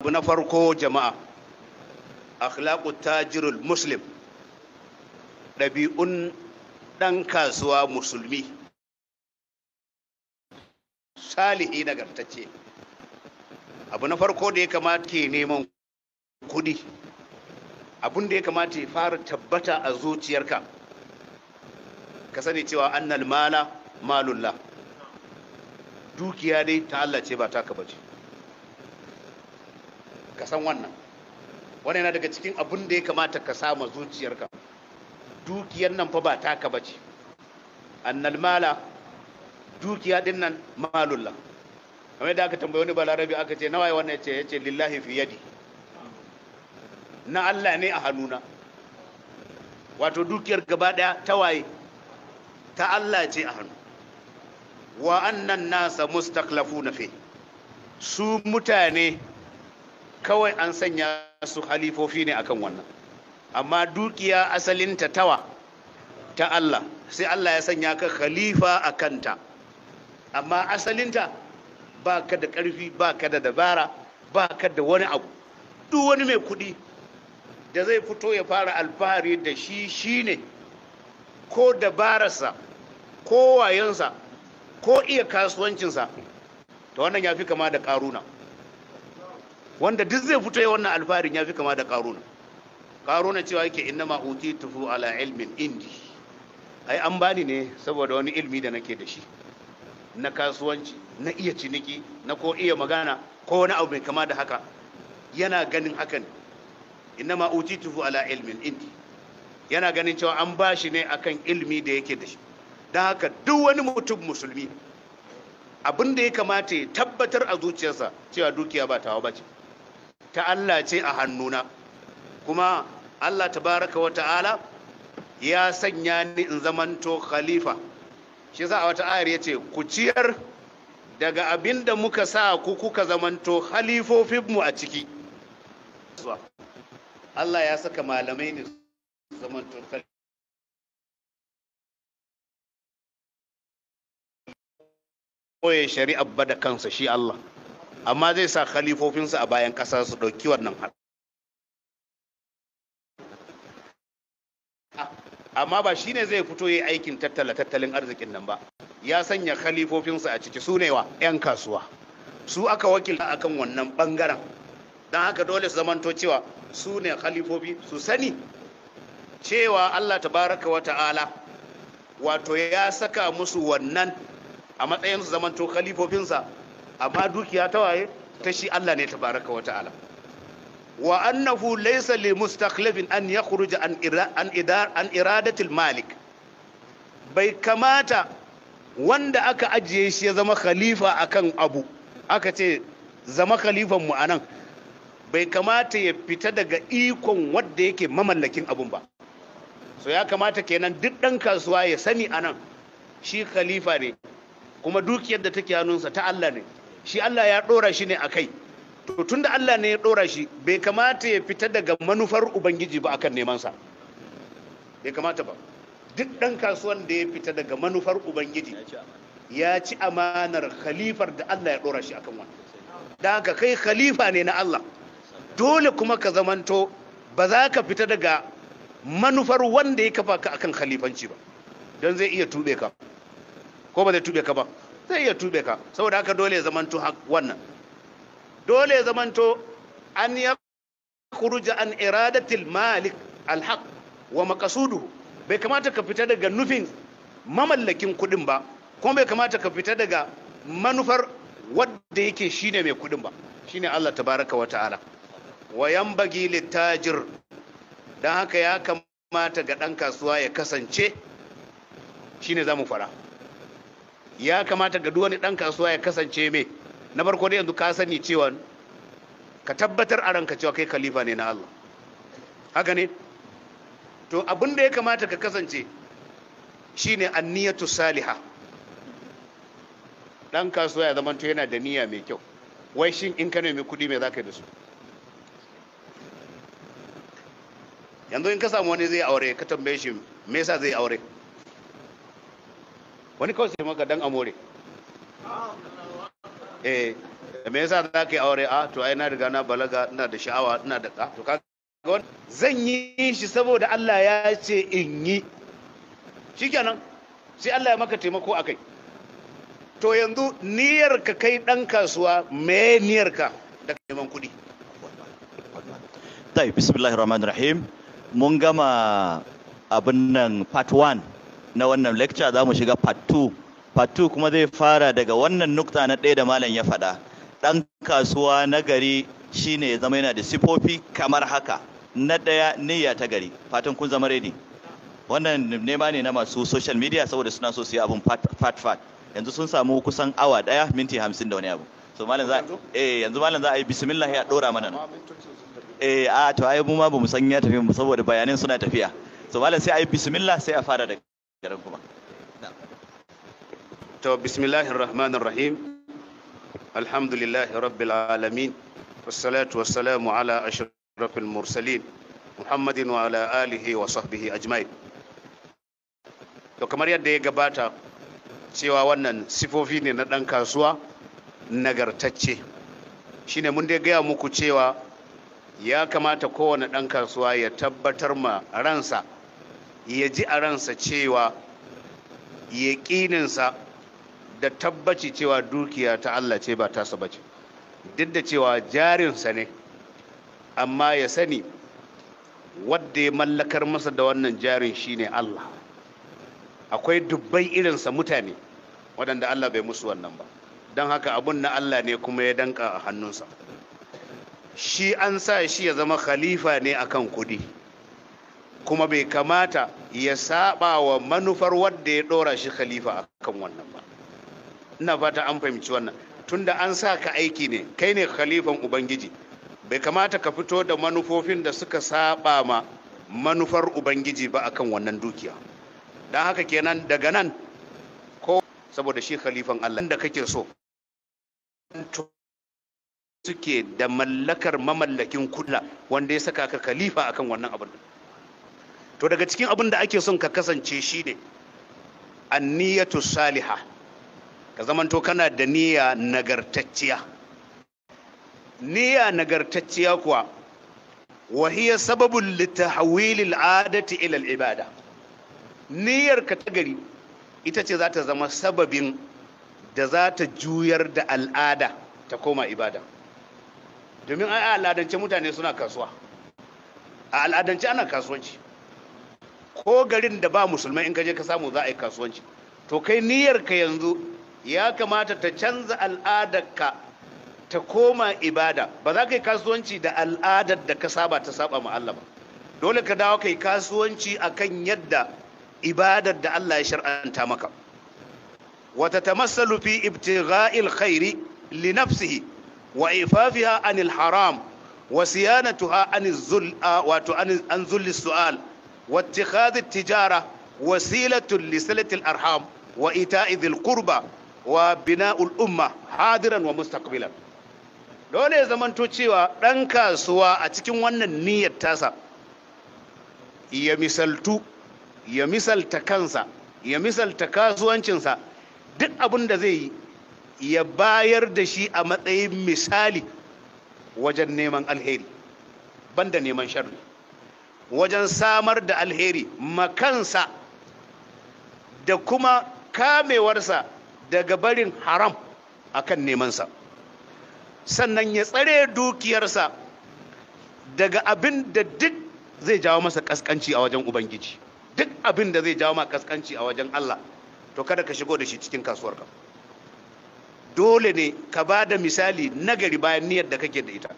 abu na farko jama'a akhlaqu tajirul muslim ɗabi'un ɗan kasuwa musulmi salihi nagartacce abu na farko da ya kamata ke neman kudi abun da ya kamata ya fara tabbata a zuciyarka ka sani cewa annal mala malulla. dukiya dai ta Allah ce ba taka bace ka san wannan wani yana daga cikin abin da ya kamata ka sama zuciyarka dukiyar nan fa ba taka bace annal mala dukiya din nan malullah kamar da aka tambaye wani balarabi aka ce nawaye wannan ya ce ya ce lillahi fi yadi na Allah ne a hannuna wato dukiyar gaba daya ta waye ta Allah ce a hannu wa annan nasa na fi su mutane kawai an sanya su halifofi ne akan wannan amma dukiya asalinta tawa ta Allah sai Allah ya sanya ka khalifa a kanta amma asalinta ba ka da ƙarfi ba ka da dabara ba ka da wani abu duk wani mai kuɗi da zai fito ya fara alfahari da shi shi ne ko dabararsa ko wayansa, ko iya kasuwancinsa ta wannan ya fi kama da ƙaruna. wanda duk zai fito ya wannan alfarin ya fi kama da karuna karuna cewa yake inna ma tufu ala ilmin indi ai an bani ne saboda wani ilmi da nake da shi na kasuwanci na iya ciniki na ko iya magana ko wani abu mai kama da haka yana ganin hakan inna ma tufu ala ilmin indi yana ganin cewa an bashi ne akan ilmi da yake da shi don haka duk wani mutum musulmi abin da ya kamata ya tabbatar a zuciyarsa cewa dukiya ba tawa ba ce ta Allah ce a hannuna kuma Allah tabaraka wa ta'ala ya sanya ni in zamanto khalifa shi za a wata ayar ce ku ciyar daga abin da muka sa ku kuka zamanto khalifofinmu a ciki Allah ya saka malamai ne zamanto khalifa shari'a ba da kansa shi Allah amma zai sa khalifofinsu a bayan ƙasa su ɗauki wannan har amma ba ne zai fito yi aikin tattala tattalin arzikin nan ba ya sanya khalifofinsu a ciki su 'yan kasuwa su aka wakilta a kan wannan bangaren don haka dole su zamanto cewa su ne khalifofi su sani cewa allah Ta baraka wa ta'ala wato ya saka musu wannan a matsayin su zamanto khalifofinsa amma dukiya ta waye ta shi Allah ne tabaraka wa ta'ala wa annahu laysa li mustakhlifin an yakhruja an an idar an iradatil malik bai kamata wanda aka ajiye shi ya zama khalifa akan abu aka ce zama khalifan mu anan bai kamata ya fita daga ikon wanda yake mamallakin abun ba so ya kamata kenan duk ɗan kasuwa ya sani anan shi khalifa ne kuma dukiyar da take hannunsa ta Allah ne shi Allah ya ɗora shi ne a kai to tunda Allah ne ya ɗora shi bai kamata ya fita daga manufar ubangiji ba akan nemansa bai kamata ba duk ɗan kasuwan da ya fita daga manufar ubangiji ya ci amanar khalifar da Allah ya ɗora shi akan wani da haka kai khalifa ne na Allah dole kuma ka zamanto ba za ka fita daga manufar wanda ya kafa ka akan khalifanci ba don zai iya tuɓe ka ko ba zai tuɓe ka ba zai iya tube ka saboda haka dole ya zamanto wannan dole ya zamanto an ya kuruja an iradatil malik alhaq wa makasudu bai kamata ka fita daga nufin mamallakin kudin ba kuma bai kamata ka fita daga manufar wadda yake shine mai kudin ba shine Allah tabaraka wa ta'ala wa bagi littajir don haka ya kamata ga ɗan kasuwa ya kasance shine za mu fara ya kamata ga duwani ɗan kasuwa ya kasance mai na farko dai yanzu ka sani cewa ka tabbatar a ranka cewa kai khalifa ne na Allah haka ne to abin da ya kamata ka kasance shine anniyatu saliha dan kasuwa ya zama yana da niyya mai kyau wai shin in ka nemi kuɗi mai za ka yi da su yanzu in ka samu wani zai aure ka tambaye shi me yasa zai aure wani kawai sai maka dan amore eh me yasa za ka yi aure a ah, to ai na riga na balaga ina da sha'awa ina da ka to kaga zan yi shi saboda Allah ya ce in yi shikenan sai Allah ya maka taimako akai to yanzu niyyar ka kai dan kasuwa me niyyar ka da neman kuɗi tayi bismillahir rahmanir rahim mun gama abin nan part 1 na wannan lecture za mu shiga part 2 part 2 kuma zai fara daga wannan nukta na ɗaya da malam ya faɗa ɗan kasuwa na gari shine ya zama yana da sifofi kamar haka na ɗaya niyya ta gari fatan kun zama ready wannan nema ne na masu social media saboda suna so su yi abun fat fat yanzu sun samu kusan awa ɗaya minti hamsin da wani abu so malam za eh yanzu malam za a yi bismillah ya ɗora mana nan eh a to ai mu ma bamu san ya tafi mu saboda bayanan suna tafiya so malam sai a yi bismillah sai a fara daga to bismillahir rahmanir rahim alhamdulillahi rabbil alamin wassalatu wassalamu ala ashrafil mursalin muhammadin wa ala alihi wa sahbihi ajma'in to kamar yadda ya gabata cewa wannan sifofi ne na ɗan kasuwa nagartacce shine mun dai gaya muku cewa ya kamata kowane ɗan kasuwa ya tabbatar ma ransa ya ji a ransa cewa yaƙininsa da tabbaci cewa dukiya ta Allah ce ba tasa ba ce duk da cewa jarinsa ne amma ya sani wadda ya mallakar masa da wannan jarin shine Allah akwai dubbai irinsa mutane waɗanda Allah bai musu wannan ba don haka abun na Allah ne kuma ya danka a hannunsa shi an sa shi ya zama khalifa ne akan kuɗi kuma bai kamata ya saba wa manufar wadda ya dora shi khalifa a kan wannan ba ina fata an fahimci wannan tunda an sa ka aiki ne kai ne khalifan ubangiji bai kamata ka fito da manufofin da suka saba ma manufar ubangiji ba a kan wannan dukiya don haka kenan daga nan ko saboda shi khalifan Allah da kake so suke da mallakar mamallakin kula wanda ya saka ka khalifa akan wannan abin to daga cikin abin da ake son ka kasance shi ne anniyatu saliha ka zamanto kana da niyya nagartacciya niyya nagartacciya kuwa wahiya sababin litahawilil adati ilal ibada niyyar ka ta gari ita ce za ta zama sababin da za ta juyar da al'ada ta koma ibada domin a al'adance mutane suna kasuwa a al'adance ana kasuwanci ko garin da ba musulmai in kaje ka samu za a yi kasuwanci to kai niyyarka yanzu ya kamata ta canza al'adarka ta koma ibada ba za ka yi kasuwanci da al'adar da ka saba ta saba ma Allah ba dole ka dawo kai kasuwanci akan yadda ibadar da Allah ya shar'anta maka wata tamassalu fi ibtigha'il khairi li nafsihi wa ifafiha anil haram wa siyanatuha anil zul an zulli su'al واتخاذ التجارة وسيلة لصلة الأرحام وإيتاء ذي القربى وبناء الأمة حاضرا ومستقبلا dole ya zamanto cewa ɗan kasuwa a cikin wannan niyyar tasa ya misaltu ya misalta kansa ya misalta kasuwancinsa duk abin da zai yi ya bayar da shi a matsayin misali wajen neman alheri banda neman sharri wajen samar da alheri makansa da kuma kamewarsa daga barin haram a kan nemansa sannan ya tsare dukiyarsa daga abin da duk zai jawo masa kaskanci a wajen ubangiji duk abin da zai jawo ma kaskanci a wajen allah to kada ka shigo da shi cikin kasuwarka dole ne ka ba da misali nagari bayan niyyar da kake da ita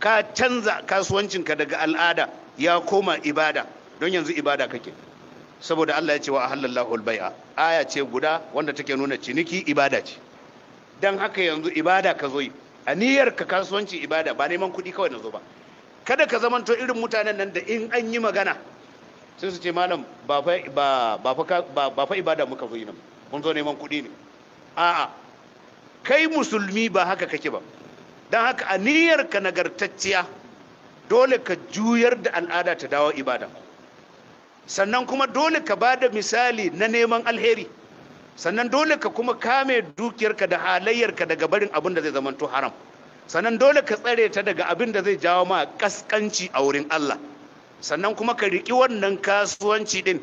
ka canza kasuwancinka daga al'ada ya koma ibada don yanzu ibada kake saboda Allah ya ce wa ahallallahu albay'a aya ce guda wanda take nuna ciniki ibada ce dan haka yanzu ibada ka zo yi niyyar ka kasuwanci ibada ba neman kuɗi kawai na zo ba kada ka zamanto irin mutanen nan da in an yi magana sai su ce malam ba fa ibada muka zo yi nan mun zo neman kuɗi ne a'a kai musulmi ba haka kake ba don haka a niyyar ka nagartacciya dole ka juyar da al'ada ta dawo ibada sannan kuma dole ka ba da misali na neman alheri sannan dole ka kuma kame dukiyarka da halayyarka daga barin abin da zai zamanto haram sannan dole ka tsare ta daga abin da zai jawo ma kaskanci a wurin Allah sannan kuma ka riki wannan kasuwanci din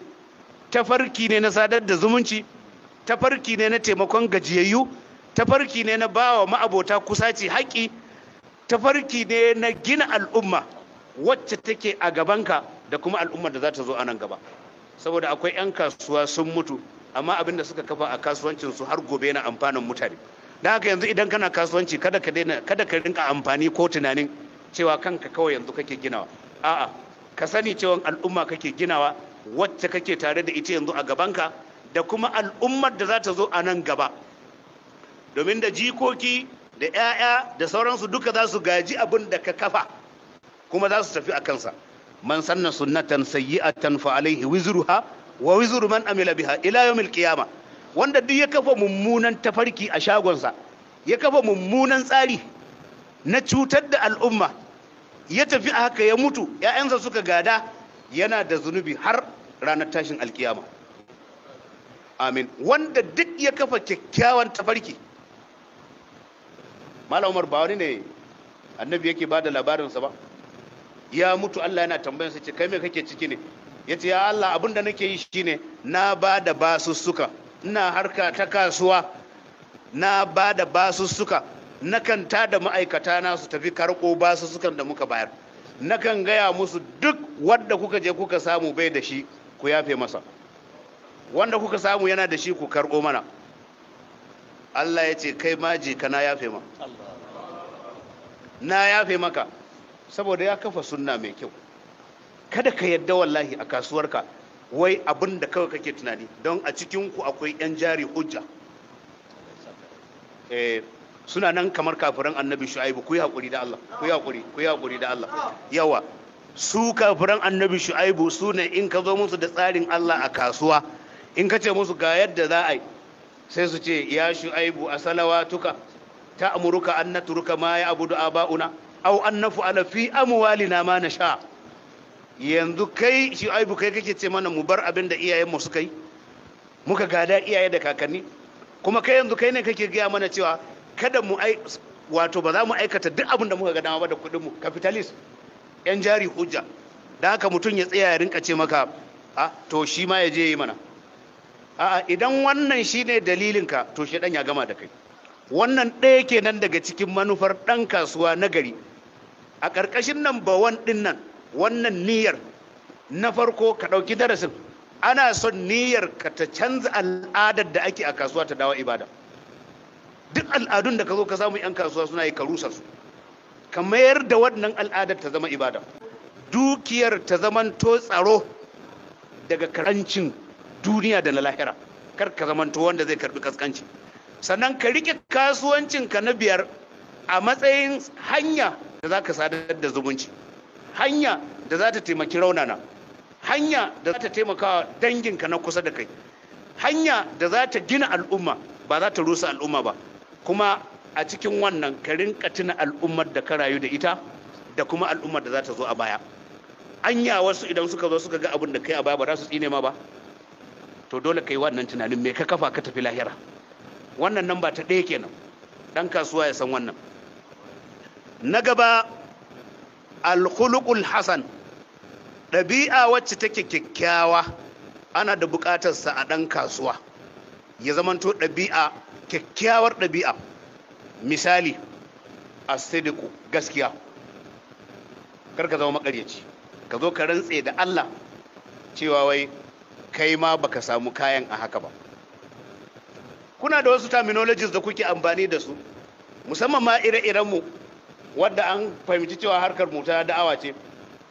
tafarki ne na sadar da zumunci tafarki ne na taimakon gajiyayyu tafarki ne na bawa ma'abota kusaci haƙi tafarki ne na gina al'umma wacce take a gabanka da kuma al'ummar da za ta zo a nan gaba saboda akwai 'yan kasuwa sun mutu amma abin da suka kafa a kasuwancinsu har gobe na amfanin mutane da haka yanzu idan kana kasuwanci kada ka daina kada ka rinka amfani ko tunanin cewa kanka kawai yanzu kake ginawa a'a ka sani cewa al'umma kake ginawa wacce kake tare da ita yanzu a gabanka da kuma al'ummar da za ta zo a nan gaba domin da jikoki da 'ya'ya da sauransu duka za su gaji abin da ka kafa kuma za su tafi a kansa man sanna sunnatan sayyi'atan fa alaihi wizruha wa wizru man amila biha ila yawmil qiyama wanda duk ya kafa mummunan tafarki a shagonsa ya kafa mummunan tsari na cutar da al'umma ya tafi a haka ya mutu ‘ya'yansa suka gada yana da zunubi har ranar tashin alkiyama amin wanda duk ya kafa kyakkyawan tafarki malam umar ba wani ne annabi yake ba da labarinsa ba ya mutu Allah yana tambayar sa ce kai me kake ciki ne yace ya Allah abin da nake yi shine na ba da basussuka ina harka ta kasuwa na ba da basussuka nakan ta da ma'aikata na su tafi karko basussukan da muka bayar nakan gaya musu duk wanda kuka je kuka samu bai da shi ku yafe masa wanda kuka samu yana da shi ku karko mana Allah ya ce kai ma kana yafe ma na yafe maka saboda ya kafa sunna mai kyau kada ka yadda wallahi a kasuwarka wai abin da kawai kake tunani don a cikinku akwai 'yan jari hujja eh, suna nan kamar kafiran annabi shu'aibu ku yi haƙuri da Allah ku yi haƙuri ku yi haƙuri da Allah yawa su kafiran annabi shu'aibu su ne in ka zo musu da tsarin Allah a kasuwa in ka ce musu ga yadda za a yi sai su ce ya shu'aibu a salawatuka ta amuruka an naturuka ma ya abudu aba'una au an naf'ala fi na ma sha yanzu kai shi aibu kai kake ce mana mu bar abin da iyayen mu suka yi muka gada iyaye da kakanni kuma kai yanzu kai ne kake gaya mana cewa kada mu ai wato ba za mu aikata duk abin da muka ga dama ba da kuɗin mu capitalist yan jari hujja da haka mutum ya tsaya ya rinka ce maka a to shi ma ya je yi mana a'a idan wannan shine dalilinka to shi ya gama da kai wannan ɗaya kenan daga cikin manufar ɗan kasuwa na gari a ƙarƙashin nan bawan ɗin nan wannan niyyar na farko ka ɗauki darasin ana son niyyar ka ta canza al'adar da ake a kasuwa ta dawo ibada duk al'adun da ka zo ka samu 'yan kasuwa suna yi ka su ka mayar da wannan al'adar ta zama ibada dukiyar ta zamanto tsaro daga karancin duniya da na lahira kar ka zamanto wanda zai karbi kaskanci sannan ka riƙe kasuwancinka na biyar a matsayin hanya da za ka sadar da zumunci hanya da za ta taimaki raunana hanya da za ta taimaka danginka na kusa da kai hanya da za ta gina al'umma ba za ta rusa al'umma ba kuma a cikin wannan ka rinka tuna al'ummar da ka rayu da ita da kuma al'ummar da za ta zo a baya anya wasu idan suka zo suka ga abin da kai a baya ba za su tsine ma ba to dole kai wannan tunanin me ka kafa ka tafi lahira wannan nan ba ta ɗaya kenan dan kasuwa ya san wannan na gaba alkhuluqul hasan ɗabi'a wacce take kyakkyawa ana da buƙatarsa a ɗan kasuwa ya zamanto ɗabi'a kyakkyawar ɗabi'a misali a asidiku gaskiya kar ka zama maƙaryaci, ka zo ka rantse da Allah cewa wai kai ma baka samu kayan a haka ba kuna da wasu terminologies da kuke amfani da su musamman ma ire-irenmu wadda an fahimci cewa harkar mu ta da'awa ce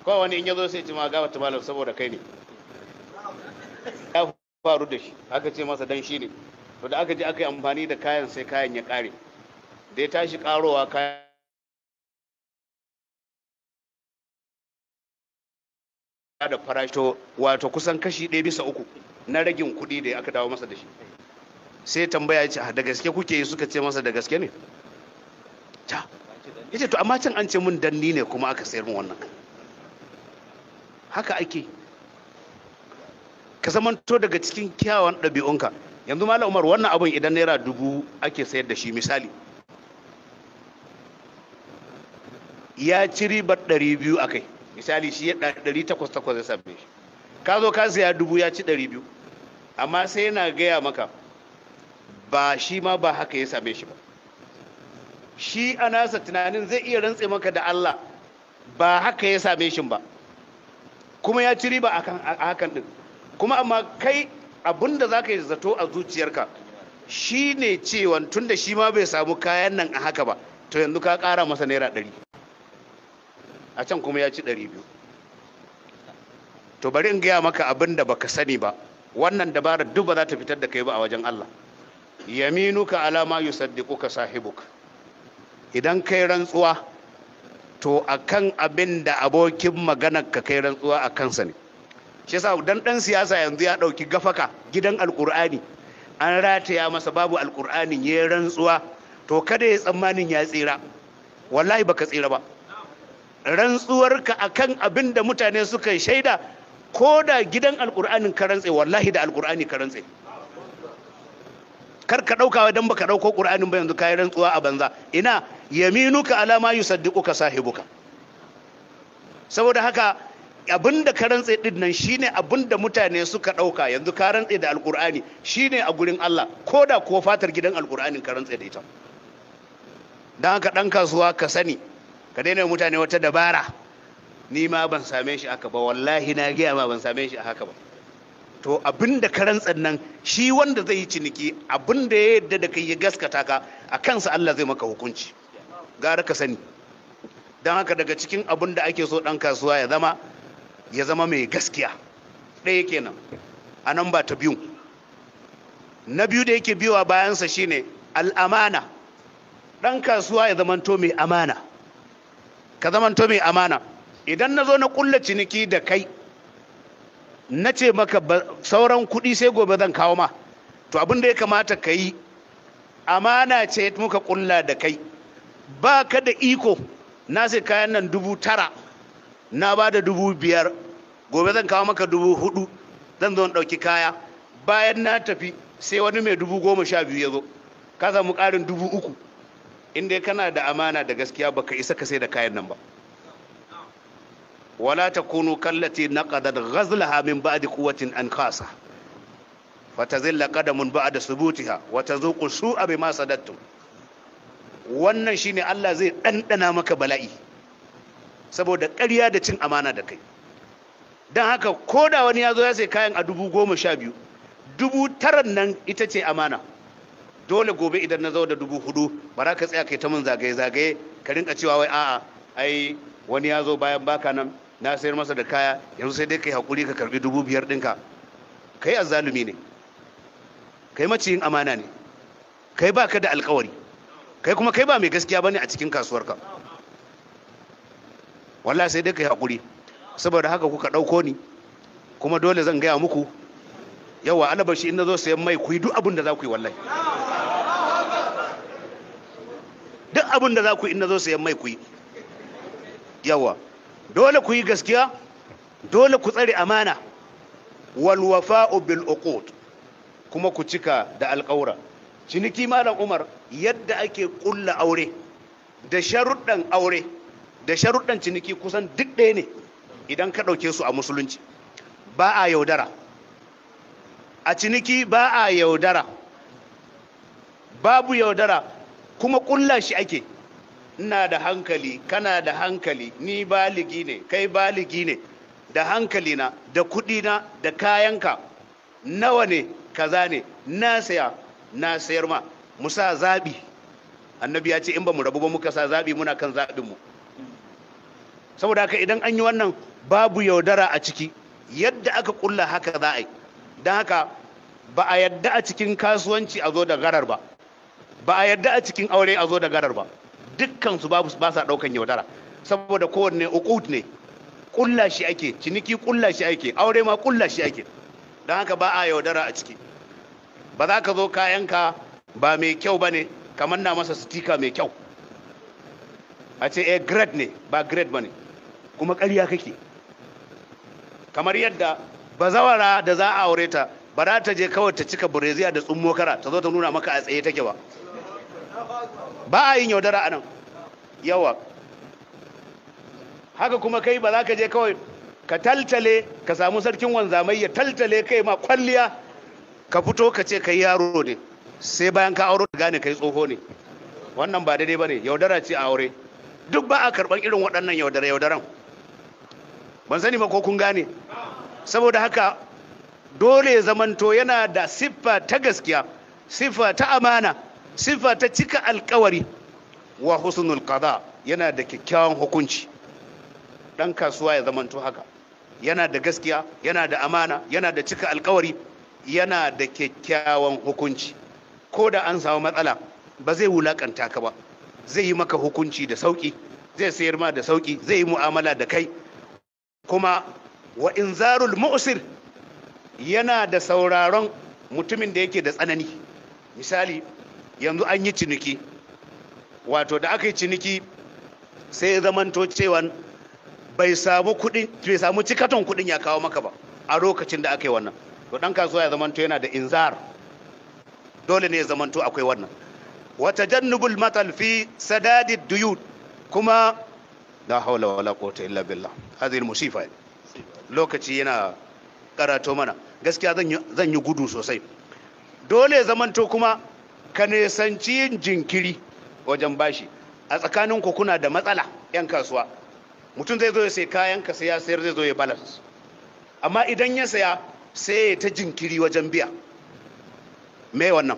kawai wani in ya zo sai ce ma gaba ta malam saboda kai ne ya faru da shi aka ce masa dan shi ne to da aka je aka yi amfani da kayan sai kayan ya kare da ya tashi karowa kayan da farashi wato kusan kashi ɗaya bisa uku na ragin kuɗi da aka dawo masa da shi sai tambaya ce ah, da gaske kuke yi suka ce masa da gaske ne ta yace to amma can an ce mun danni ne kuma aka sayar mun wannan haka ake ka zamanto daga cikin kyawun ɗabi'unka yanzu malam umar wannan abin idan naira dubu ake sayar da shi misali ya ci ribar ɗari biyu a kai misali shi ya ɗari takwas takwas ya same shi ka zo ka saya dubu ya ci ɗari biyu amma sai yana gaya maka ba shi ma ba haka ya same shi ba shi a nasa tunanin zai iya rantse maka da Allah ba haka ya same shi ba kuma ya ci riba a hakan din kuma amma kai abin da za ka yi zato a zuciyarka shi ne cewa tun da shi ma bai samu kayan nan a haka ba to yanzu ka ƙara masa naira ɗari a can kuma ya ci ɗari biyu to bari in gaya maka abin da baka sani ba wannan dabarar duk ba za ta fitar da kai ba a wajen Allah yaminuka alama yusaddiquka sahibuka idan kai rantsuwa to akan abin da abokin maganar ka kai rantsuwa a kansa ne shi yasa dan dan siyasa yanzu ya ɗauki gafaka gidan alkur'ani an rataya masa babu alkur'anin ya rantsuwa to kada ya tsammanin ya tsira wallahi baka tsira ba rantsuwarka akan abin da mutane suka shaida ko da gidan alkur'anin ka rantse wallahi da alkur'ani ka rantse kar ka dauka dan baka dauko qur'anin ba yanzu kai rantsuwa a banza ina yaminuka ala ma yusaddiquka sahibuka saboda haka abinda ka rantse din nan shine abinda mutane suka dauka yanzu ka rantse da alqur'ani shine a gurin Allah ko da kuwa fatar gidan alqur'anin ka rantse da ita dan haka dan kasuwa ka sani ka daina mutane wata dabara ni ma ban same shi haka ba wallahi na giya ma ban same shi haka ba to abin da ka rantsar nan shi wanda zai yi ciniki abin da ya yadda da kai ya gaskata ka a kansa Allah zai maka hukunci gara ka sani don haka daga cikin abin da ake so ɗan kasuwa ya zama ya zama mai gaskiya ɗaya kenan a nan ba ta biyu na biyu da yake biyowa bayansa shine al'amana ɗan kasuwa ya zamanto mai amana ka zamanto mai amana idan na zo na ƙulla ciniki da kai na ce maka sauran kuɗi sai gobe zan kawo ma to abin da ya kamata ka yi amana ce muka ƙulla da kai ba ka da iko na sai kayan nan dubu tara na ba da dubu biyar gobe zan kawo maka dubu hudu zan zo ɗauki kaya bayan na tafi sai wani mai dubu goma sha biyu ya zo ka samu ƙarin dubu uku inda kana da amana da gaskiya baka isa ka sai da kayan nan ba wala takunu kallati naqadat ghazlaha min ba'di quwwatin ankasa fatazilla qadamun ba'da subutiha wa su su'a bima wannan shine Allah zai ɗanɗana maka bala'i saboda ƙarya da cin amana da kai don haka ko da wani ya zo ya sai kayan a dubu goma sha biyu dubu taran nan ita ce amana dole gobe idan na zo da dubu hudu ba ka tsaya kai ta mun zagaye-zagaye ka rinka cewa wai a'a ai wani ya zo bayan baka nan na sayar masa da kaya yanzu sai dai kai haƙuri ka karbi dubu biyar ɗinka kai zalumi ne kai maciyin amana ne kai ba ka da alkawari kai kuma kai ba mai gaskiya ba ne a cikin kasuwarka walla sai dai kai haƙuri saboda haka kuka ɗauko ni kuma dole zan gaya muku yawa alabashi in na zo sayan mai ku yi duk abin da za ku yi wallahi duk abin da za ku yi in na zo sayan mai ku yi yawa dole ku yi gaskiya dole ku tsare amana walwafa bil uqud kuma ku cika da alƙawura ciniki malam Umar yadda ake ƙulla aure da sharuɗan aure da sharuɗan ciniki kusan duk ɗaya ne idan ka ɗauke su a musulunci ba a yaudara a ciniki ba a yaudara babu yaudara kuma ƙulla shi ake ina da hankali kana da hankali ni baligi ne kai baligi ne da hankali na da kuɗi na da kayanka nawa ne kaza ne na saya na sayar ma mu sa zaɓi annabi ya ce in ba mu rabu ba muka sa zabi muna kan mu. saboda haka idan an yi wannan babu yaudara a ciki yadda aka kulla haka za a yi don haka ba a yadda a cikin kasuwanci a zo da garar ba ba a yadda a cikin aure a zo da garar ba Dukkansu babu ba sa daukan yaudara saboda kowanne uqut ne kulla shi ake ciniki kulla shi ake aure ma kulla shi ake don haka ba a yaudara a ciki ba za ka zo kayanka ba mai kyau ba ne kamar na masa sitika mai kyau a ce eh grade ne ba grade ba ne kuma ƙarya kake kamar yadda bazawara da za a aure ta ba za ta je kawai ta cika bureziya da tsummokara ta zo ta nuna maka a tsaye take ba ba a yin yaudara a nan yawa haka kuma kai ba za ka je kawai ka taltale ka samu sarkin wanzamai ya taltale kai ma kwalliya ka fito ka ce yi yaro ne sai bayan ka auro da gane kai tsoho ne wannan ba daidai ba ne yaudara ce a aure duk ba a karɓar irin waɗannan yaudara yaudaran ban sani ba ko kun gane saboda haka dole zamanto yana da siffa ta gaskiya siffa ta amana sifa ta cika alkawari wa husnul qada yana da kyakkyawan hukunci dan kasuwa ya zamanto haka yana da gaskiya yana da amana yana da cika alkawari yana da kyakkyawan hukunci ko da an samu matsala ba zai wulakanta ka ba zai yi maka hukunci da sauki zai sayar ma da sauki zai yi mu'amala da kai kuma wa inzarul mu'sir yana da sauraron mutumin da yake da tsanani misali yanzu an yi ciniki wato da aka yi ciniki sai ya zamanto cewa bai samu kudi, bai samu cikaton kuɗin ya kawo maka ba a lokacin da aka yi wannan to dan kasuwa ya zamanto yana da inzar dole ne ya zamanto akwai wannan wa tajannubul matal fi sadadid duyud kuma la haula wala quwwata illa billah hadhihi musifa lokaci yana karato mana gaskiya zan yi gudu sosai dole ya zamanto kuma ka nisanci yin jinkiri wajen bashi a tsakanin ku kuna da matsala yan kasuwa mutum zai zo ya sai kayan ka sai ya sayar zai zo ya balance amma idan ya saya sai ya ta jinkiri wajen biya me wannan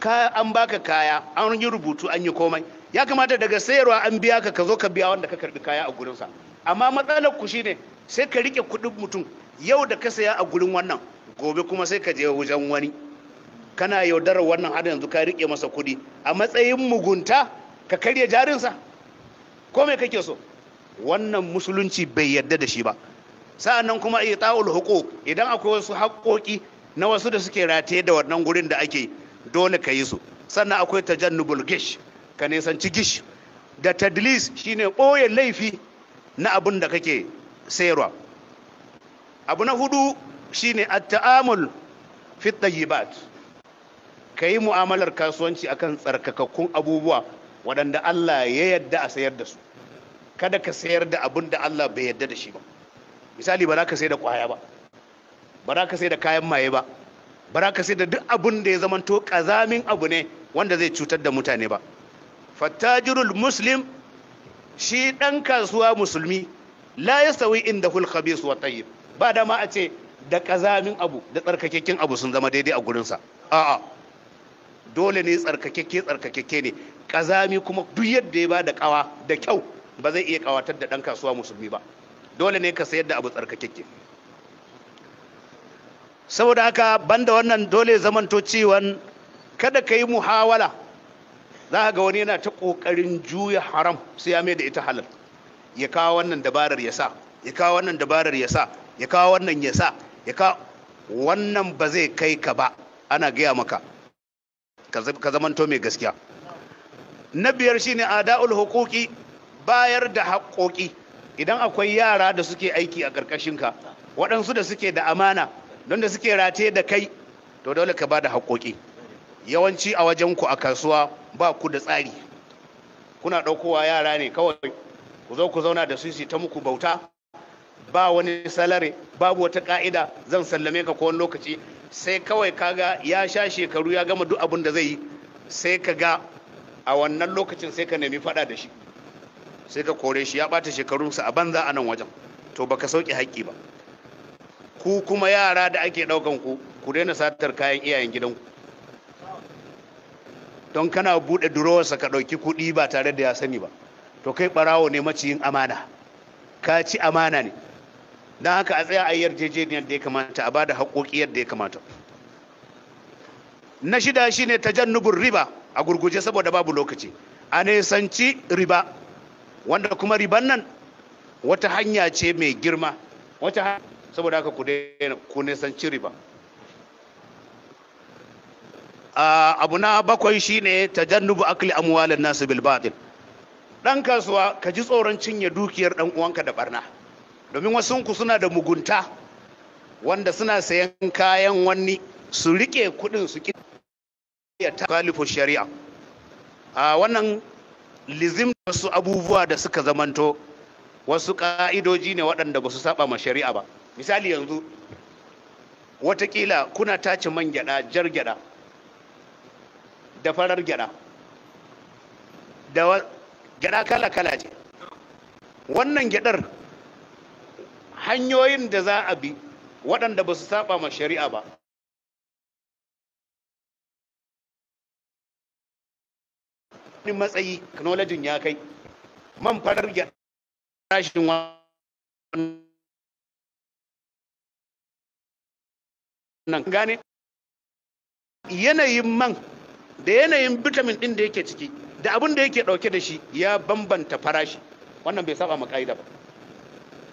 ka an baka kaya an yi rubutu an yi komai ya kamata daga sayarwa an biya ka ka zo ka biya wanda ka karbi kaya a gurinsa amma matsalar ku shine sai ka rike kuɗin mutum yau da ka saya a gurin wannan gobe kuma sai ka je wajen wani kana yaudarar wannan adam yanzu ka rike masa kuɗi a matsayin mugunta ka karya jarinsa ko me kake so wannan musulunci bai yarda da shi ba sa'annan kuma ita'ul huquq idan akwai wasu haƙoƙi na wasu da suke rataye da wannan gurin da ake dole ka yi su sannan akwai tajannubul gish ka nisanci gish da tadlis shine ɓoye laifi na abin da kake sayarwa abu na hudu shine at-ta'amul fi ka yi mu'amalar kasuwanci akan tsarkakakkun abubuwa waɗanda Allah ya yadda a sayar da su kada ka sayar da abin da Allah bai yadda da shi ba misali ba za ka sai da kwaya ba ba za ka sai da kayan maye ba ba za ka sai da duk abin da ya zamanto ƙazamin abu ne wanda zai cutar da mutane ba fattajirul muslim shi ɗan kasuwa musulmi la ya sauyi inda hul su wa tayyib ba dama a ce da ƙazamin abu da tsarkakekin abu sun zama daidai a gurinsa a'a dole ne tsarkakeke tsarkakeke ne kazami kuma duk yadda ya ba da ƙawa da kyau ba zai iya ƙawatar da ɗan kasuwa musulmi ba dole ne ka sayar da abu tsarkakeke saboda haka banda wannan dole zamanto cewan kada ka yi muhawala za ga wani yana ta ƙoƙarin juya haram sai ya mai da ita halal ya kawo wannan dabarar ya sa ya kawo wannan dabarar ya sa ya kawo wannan ya sa ya kawo wannan ba zai kai ka ba ana gaya maka ka zamanto mai gaskiya na biyar shine ada'ul hukuki bayar da haƙoƙi idan akwai yara da suke aiki a ƙarƙashinka waɗansu da suke da amana don da suke rataye da kai to dole ka ba da haƙoƙi yawanci a wajen ku a kasuwa ba ku da tsari kuna ɗaukowa yara ne kawai ku zo ku zauna da su ta muku bauta ba wani salari babu wata ka'ida zan sallame ka kowane lokaci sai kawai kaga ya sha shekaru ya gama duk abin da zai yi sai ka ga a wannan lokacin sai ka nemi fada da shi sai ka kore shi ya bata shekarunsa a banza a nan wajen to baka sauki haƙƙi ba ku kuma yara da ake ɗaukan ku ku daina satar kayan iyayen gidanku don kana buɗe durowarsa ka ɗauki kuɗi ba tare da ya sani ba to kai ɓarawo ne maciyin amana ka ci amana ne don haka a tsaya a yarjejeniyar da ya kamata a bada haƙoƙi yadda ya kamata na shida shi ne ta tajannubun riba a gurguje saboda babu lokaci a nesanci riba wanda kuma riban nan wata hanya ce mai girma wata saboda haka ku nesanci riba abu na bakwai shi shine tajannubu akli amuwalin nasu bilbatin ɗan kasuwa ka ji tsoron cinye dukiyar ɗan uwanka da barna domin wasu ku suna da mugunta wanda suna sayan kayan wani su rike kudin su ya ta kalifu shari'a a wannan lizim wasu abubuwa da suka zamanto wasu ka'idoji ne waɗanda ba su saba ma shari'a ba misali yanzu watakila kuna tace man gyada jar gyada da farar gyada da gyada kala-kala ce wannan gyadar hanyoyin da za a bi waɗanda ba su saba ma shari'a ba Ni matsayi knowledge ya kai man farar ya tashin wannan gane yanayin man da yanayin vitamin ɗin da yake ciki da abin da yake ɗauke da shi ya bambanta farashi wannan bai saba ma ƙa'ida ba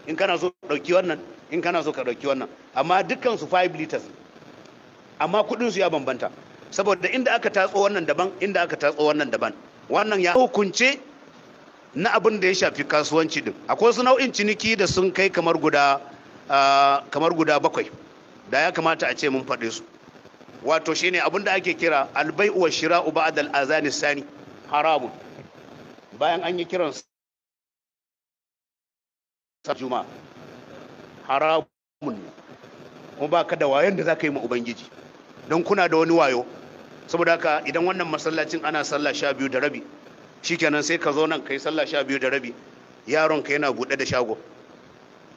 in kana so ɗauki wannan in kana so ka ɗauki wannan amma dukkan su 5 liters amma kudin su ya bambanta saboda inda aka tatso wannan daban inda aka tatso wannan daban wannan ya hukunce na abin da ya shafi kasuwanci din akwai wasu nau'in ciniki da sun kai kamar guda kamar guda bakwai da ya kamata a ce mun faɗe su wato shine abin da ake kira albai'u wa shira'u ba'dal azani sani haramun bayan an yi kiransu. sa haramun ne kuma ba ka da wayan da za ka yi ma ubangiji don kuna da wani wayo saboda haka idan wannan masallacin ana sallah sha biyu da rabi shikenan sai ka zo nan ka yi sallah sha biyu da rabi yaron ka yana buɗe da shago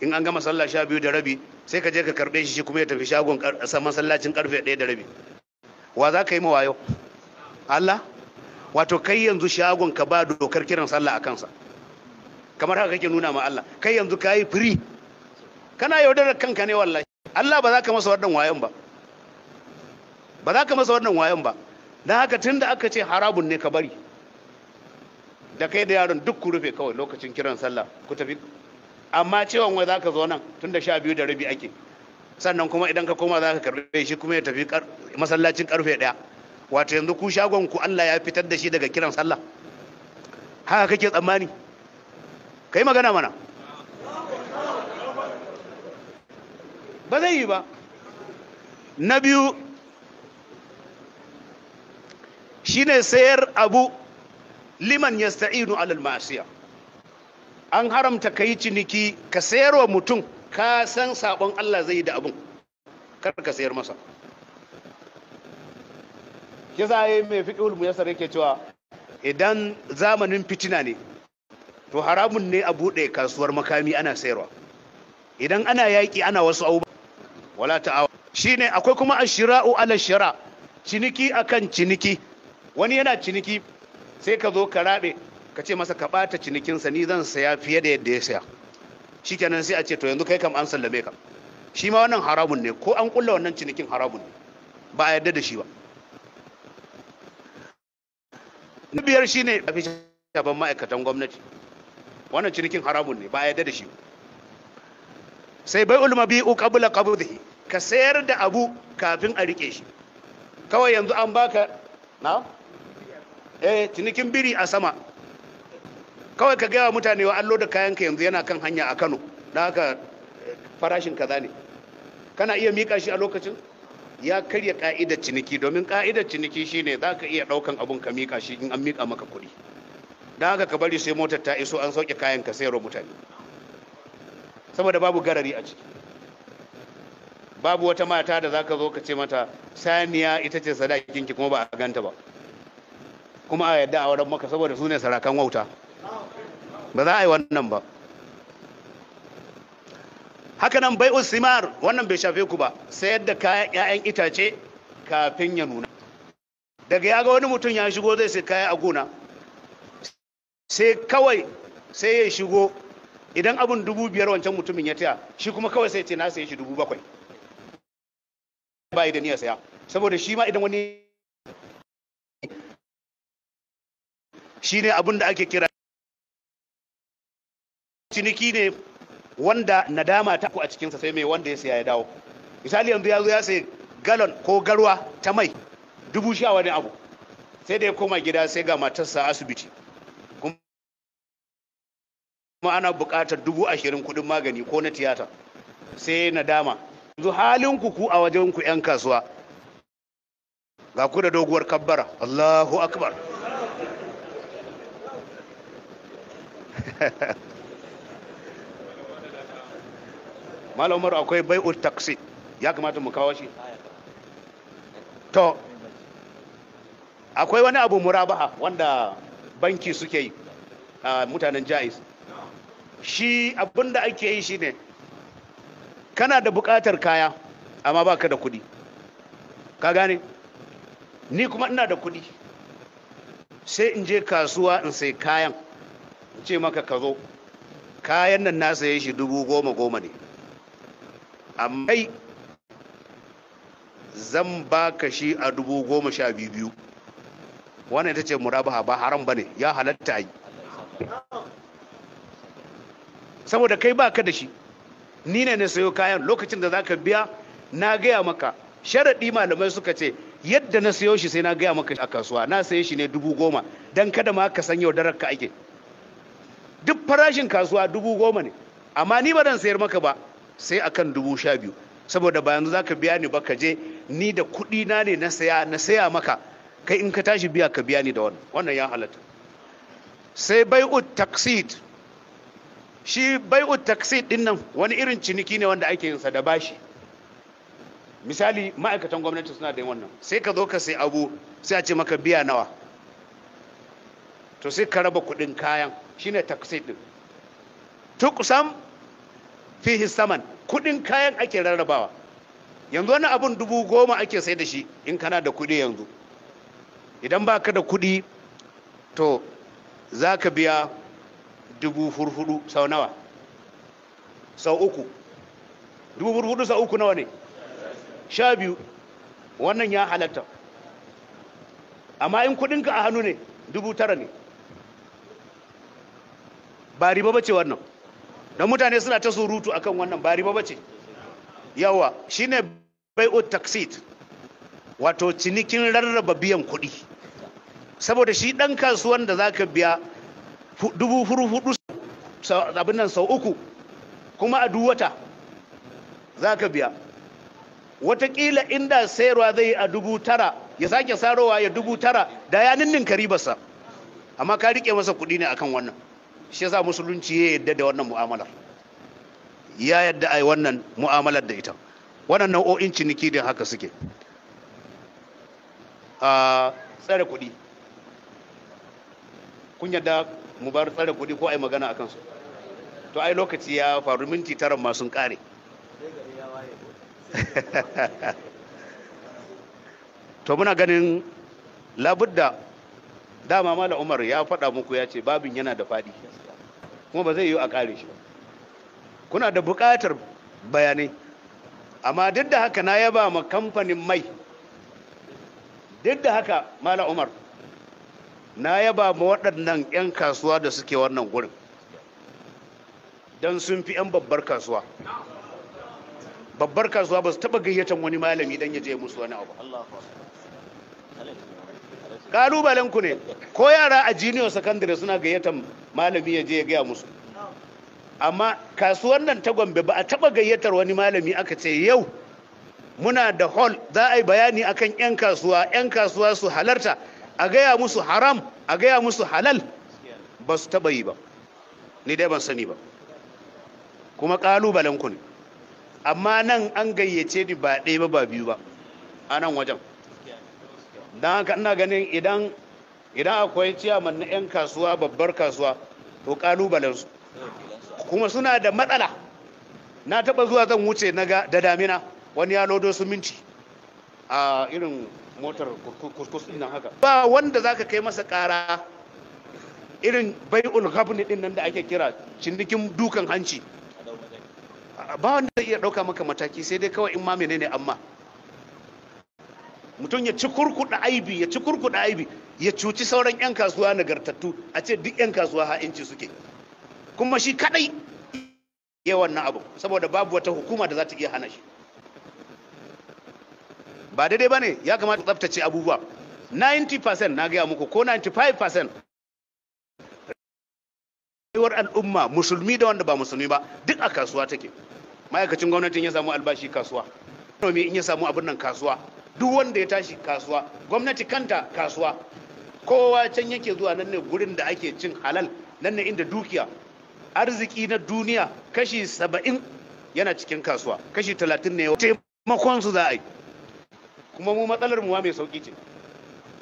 in an gama sallah sha biyu da rabi sai ka je ka karɓe shi kuma ya tafi shagon masallacin karfe ɗaya da rabi wa za ka yi ma wayo Allah wato kai yanzu shagon ka ba dokar kiran sallah a kansa kamar haka kake nuna ma Allah kai yanzu kayi firi kana yaudarar kanka ne wallahi Allah ba za ka masa wannan wayan ba ba za ka masa wannan wayan ba dan haka tun da aka ce harabun ne ka bari da kai da yaron duk ku rufe kawai lokacin kiran sallah ku tafi amma cewa wai za ka zo nan tunda sha biyu da rabi ake sannan kuma idan ka koma za ka karbe shi kuma ya tafi masallacin karfe ɗaya wato yanzu ku shagon ku Allah ya fitar da shi daga kiran sallah haka kake tsammani ka yi magana mana ba zai yi ba na biyu shi ne sayar abu liman ya sta'inu alal masiya an haramta ka yi ciniki ka sayar wa mutum ka san sabon Allah zai yi da abin kar ka sayar masa ki zaye mai fiƙi ulmu yasar yake cewa idan zamanin fitina ne to haramun ne a buɗe kasuwar makami ana sayarwa idan ana yaƙi ana wasu abubuwa wala ta'awa shine akwai kuma ashira'u ala shira ciniki akan ciniki wani yana ciniki sai ka zo ka rabe ka ce masa ka ɓata cinikinsa ni zan saya fiye da yadda ya saya shikenan sai a ce to yanzu kai kam an sallame ka shi ma wannan haramun ne ko an kulla wannan cinikin haramun ne ba a yarda da shi ba na biyar ne a fi shaban ma'aikatan gwamnati wannan cinikin haramun ne ba a yadda da shi sai bai ulma bi'u qabla qabdhi ka sayar da abu kafin a rike shi kawai yanzu an baka na eh cinikin biri a sama kawai ka gaya mutane wa allo da ka yanzu yana kan hanya a Kano Na haka eh, farashin kaza ne kana iya mika shi a lokacin ya karya ka'idar ciniki domin ka'idar ciniki shine za ka iya ɗaukan abun ka mika shi in an mika maka kuɗi don haka ka bari sai motar ta iso an sauke kayan ka sayarwa mutane saboda babu garari a ciki babu wata mata da zaka zo ka ce mata saniya ita ce sadakin ki, kuma ba a ganta ba kuma a yadda a wurin maka saboda su ne sarakan wauta ba za a yi wannan ba haka nan bai usimar wannan bai shafe ku ba sai yadda kayan 'ya'yan itace kafin ya nuna daga ya ga wani mutum ya shigo zai sai kaya a gona sai kawai sai ya shigo idan abin dubu biyar wancan mutumin ya taya shi kuma kawai sai ce na saye shi dubu bakwai ba yi da niyyar saya saboda shi ma idan wani shi ne abin da ake kira ciniki ne wanda nadama ta ku a cikinsa sai mai wanda ya saya ya dawo misali yanzu ya zo ya sayi galon ko garwa ta mai dubu sha wani abu sai da ya koma gida sai ga matarsa asibiti kuma ana buƙatar dubu ashirin kuɗin magani ko na tiyata sai na dama yanzu halin ku ku a wajen ku 'yan kasuwa ga ku da doguwar kabbara allahu akbar malamar akwai bai'ul taksi ya kamata mu kawo shi to akwai wani abu murabaha wanda banki suke yi a mutanen jais shi abin da ake yi shi ne. kana da buƙatar kaya amma ba ka da kuɗi ka gane ni kuma ina da kuɗi sai in je kasuwa in sai kayan in ce maka ka zo kayan nan na saye shi dubu goma goma ne amma zan baka shi a dubu goma sha biyu biyu wannan ita ce murabaha ba haram ba ne ya halatta yi saboda kai baka da shi ni ne na sayo kayan lokacin da zaka biya na gaya maka sharaɗi malamai suka ce yadda na sayo shi sai na gaya maka a kasuwa na saye shi ne dubu goma don kada ma ka san yaudarar ka ake duk farashin kasuwa dubu goma ne amma ni ba dan sayar maka ba sai akan dubu sha biyu saboda ba yanzu ka biya ni ba ka je ni da kuɗi na ne na saya na saya maka kai in ka tashi biya ka biya ni da wannan wannan ya halatta sai bai'u taksid shi bai'ut taksi din nan wani irin ciniki ne wanda ake yinsa da bashi misali ma'aikatan gwamnati suna da yin wannan sai ka zo ka sai abu sai a ce maka biya nawa to sai ka raba kudin kayan shine taksi din tuqsam fihi saman kudin kayan ake rarrabawa yanzu wani abun dubu goma ake sai da shi in kana da kudi yanzu idan baka da kudi to za ka biya dubu hurhudu sau nawa sau uku dubu hurhudu sau uku nawa ne sha biyu wannan ya halatta amma in kudinka a hannu ne dubu tara ne ba riba bace wannan don mutane suna ta surutu akan wannan ba riba bace yawa shine bai'u taksit wato cinikin rarraba biyan kuɗi saboda shi ɗan kasuwan da za ka biya dubu huru hudu abin nan sau uku kuma a duwata za ka biya watakila inda sayarwa zai a dubu tara ya sake sarowa ya dubu tara da ya ninninka ribarsa amma ka rike masa kuɗi ne akan wannan shi yasa musulunci ya yadda da wannan mu'amalar ya yadda a wannan mu'amalar da ita wannan nau'o'in ciniki din haka suke a ah, tsare kuɗi kun yadda mu bar tsare kuɗi ko ai magana akan su to ai lokaci ya faru minti tara ma sun kare to muna ganin labudda dama mala umar ya faɗa muku ya ce babin yana da faɗi kuma ba zai yi a kare shi ba kuna da buƙatar bayanai amma duk da haka na yaba ma kamfanin mai duk da haka mala umar na yaba ma waɗannan 'yan kasuwa da suke wannan gurin don sun fi 'yan babbar kasuwa babbar kasuwa ba su taɓa gayyatan wani malami don ya je musu wani abu ƙalubalen ku ne ko yara a junior secondary suna gayyatan malami ya je ya gaya musu amma kasuwar nan ta gombe ba a taɓa gayyatar wani malami aka ce yau muna da hall za a yi bayani akan 'yan kasuwa 'yan kasuwa su halarta a gaya musu haram a gaya musu halal ba su taɓa yi ba ni dai ban sani ba kuma ƙalubalen ku ne amma nan an gayyace ni ba ɗaya ba ba biyu ba a nan wajen don haka ina ganin idan idan akwai ciyaman na 'yan kasuwa babbar kasuwa to su. kuma suna da matsala na taɓa zuwa zan wuce na da damina wani ya lodo su minti a irin motar kuskus din haka ba wanda zaka kai masa kara irin bai'ul ghabni din nan da ake kira cinikin dukan hanci ba wanda iya dauka maka mataki sai dai kawai in ma menene amma mutum ya ci kurkuɗa aibi ya ci kurkuɗa aibi ya cuci sauran 'yan kasuwa nagartattu a ce duk 'yan kasuwa ha'inci suke kuma shi kadai ya wannan abu saboda babu wata hukuma da za ta iya hana shi ba daidai ba ne ya kamata tsaftace abubuwa 90% na gaya muku ko 95% rayuwar al'umma musulmi da wanda ba musulmi ba duk a kasuwa take ma'aikacin gwamnatin ya samu albashi kasuwa nomi in ya samu abin nan kasuwa duk wanda ya tashi kasuwa gwamnati kanta kasuwa kowa can yake zuwa nan ne gurin da ake cin halal nan ne inda dukiya arziki na duniya kashi saba'in yana cikin kasuwa kashi talatin ne taimakon su za a yi kuma mu matsalar mu mai sauki ce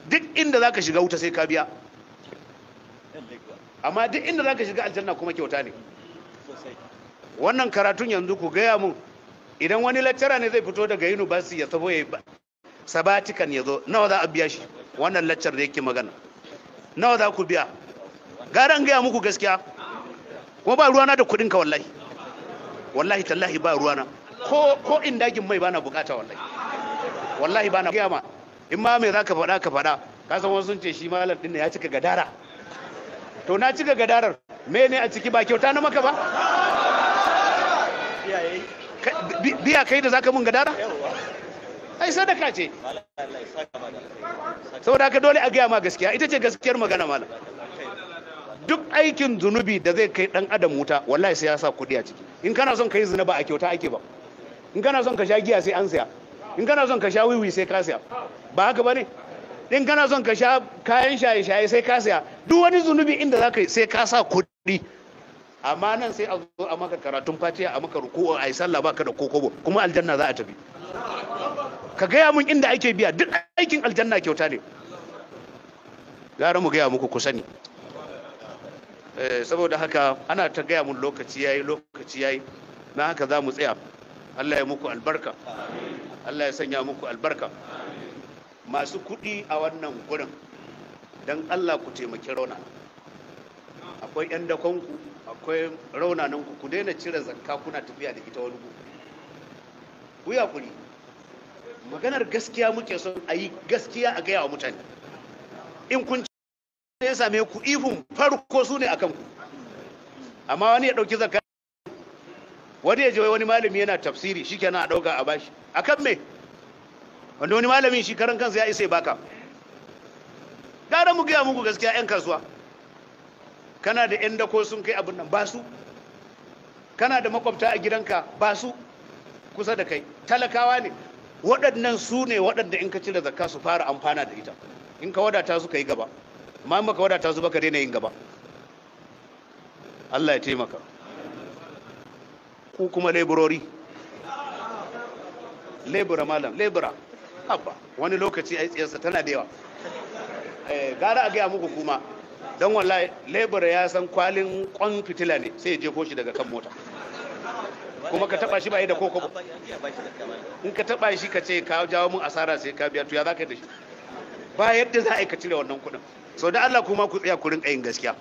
duk inda za ka shiga wuta sai ka biya amma duk inda za ka shiga aljanna kuma kyauta ne wannan karatun yanzu ku gaya mun idan wani lacara ne zai fito daga university ya sabo ya yi sabatikan ya zo nawa za a biya shi wannan lacar da yake magana nawa za ku biya gara gaya muku gaskiya kuma ba ruwana da kudinka wallahi wallahi tallahi ba ruwana ko ko in dagin mai bana bukata wallahi wallahi ba na gaya ma in ma me zaka faɗa ka faɗa ka san wasu sun ce shi malam din ya cika gadara to na cika gadarar me ne a ciki ba kyauta na maka ba biya kai da zaka mun gadara ai sadaka ce saboda haka dole a gaya ma gaskiya ita ce gaskiyar magana malam duk aikin zunubi da zai kai dan adam wuta wallahi sai ya sa kuɗi a ciki in kana son kai zina ba a kyauta ake ba in kana son ka sha giya sai an saya in kana son ka sha wiwi sai ka siya ba haka bane in kana son ka sha kayan shaye shaye sai ka siya duk wani zunubi inda za ka sai ka sa kuɗi amma nan sai a zo a maka karatun fatiha a maka ruku'u a yi sallah baka da kokobo kuma aljanna za a tafi ka gaya mun inda ake biya duk aikin aljanna kyauta ne gara mu gaya muku ku sani eh, saboda haka ana ta gaya mun lokaci yayi lokaci yayi na haka za mu tsaya Allah ya muku albarka Allah ya sanya muku albarka masu kuɗi a wannan gurin don Allah ku taimaki rauna akwai 'yan dakonku akwai raunaninku ku daina cire zanka kuna tafiya da ita wani ku ya kuri maganar gaskiya muke son a yi gaskiya a gaya wa mutane in kun ya same ku ihun farko su ne a kanku amma wani ya ɗauki zanka wani ya je wani malami yana tafsiri shi kenan a ɗauka a bashi a kan me wanda wani malami shi karan kansa ya isa baka gara mu gaya muku gaskiya 'yan kasuwa kana da 'yan dako sun kai abin nan ba su kana da makwabta a gidanka ba su kusa da kai talakawa ne waɗannan su ne waɗanda in ka cire zakka su fara amfana da ita in ka wadata su ka yi gaba amma in ka wadata su baka daina yin gaba Allah ya taimaka ku kuma laborori labora malam labora abba wani lokaci a tsiyarsa tana da yawa eh, gara a gaya muku kuma don wallahi labora ya san kwalin kwan fitila ne sai ya jefo shi daga kan mota kuma ka taba shi ba da koko in ka taba shi ka ce ka jawo mun asara sai ka biya to ya zaka da shi ba yadda za a yi ka cire wannan kuɗin sau da Allah kuma ku tsaya kurin ayin gaskiya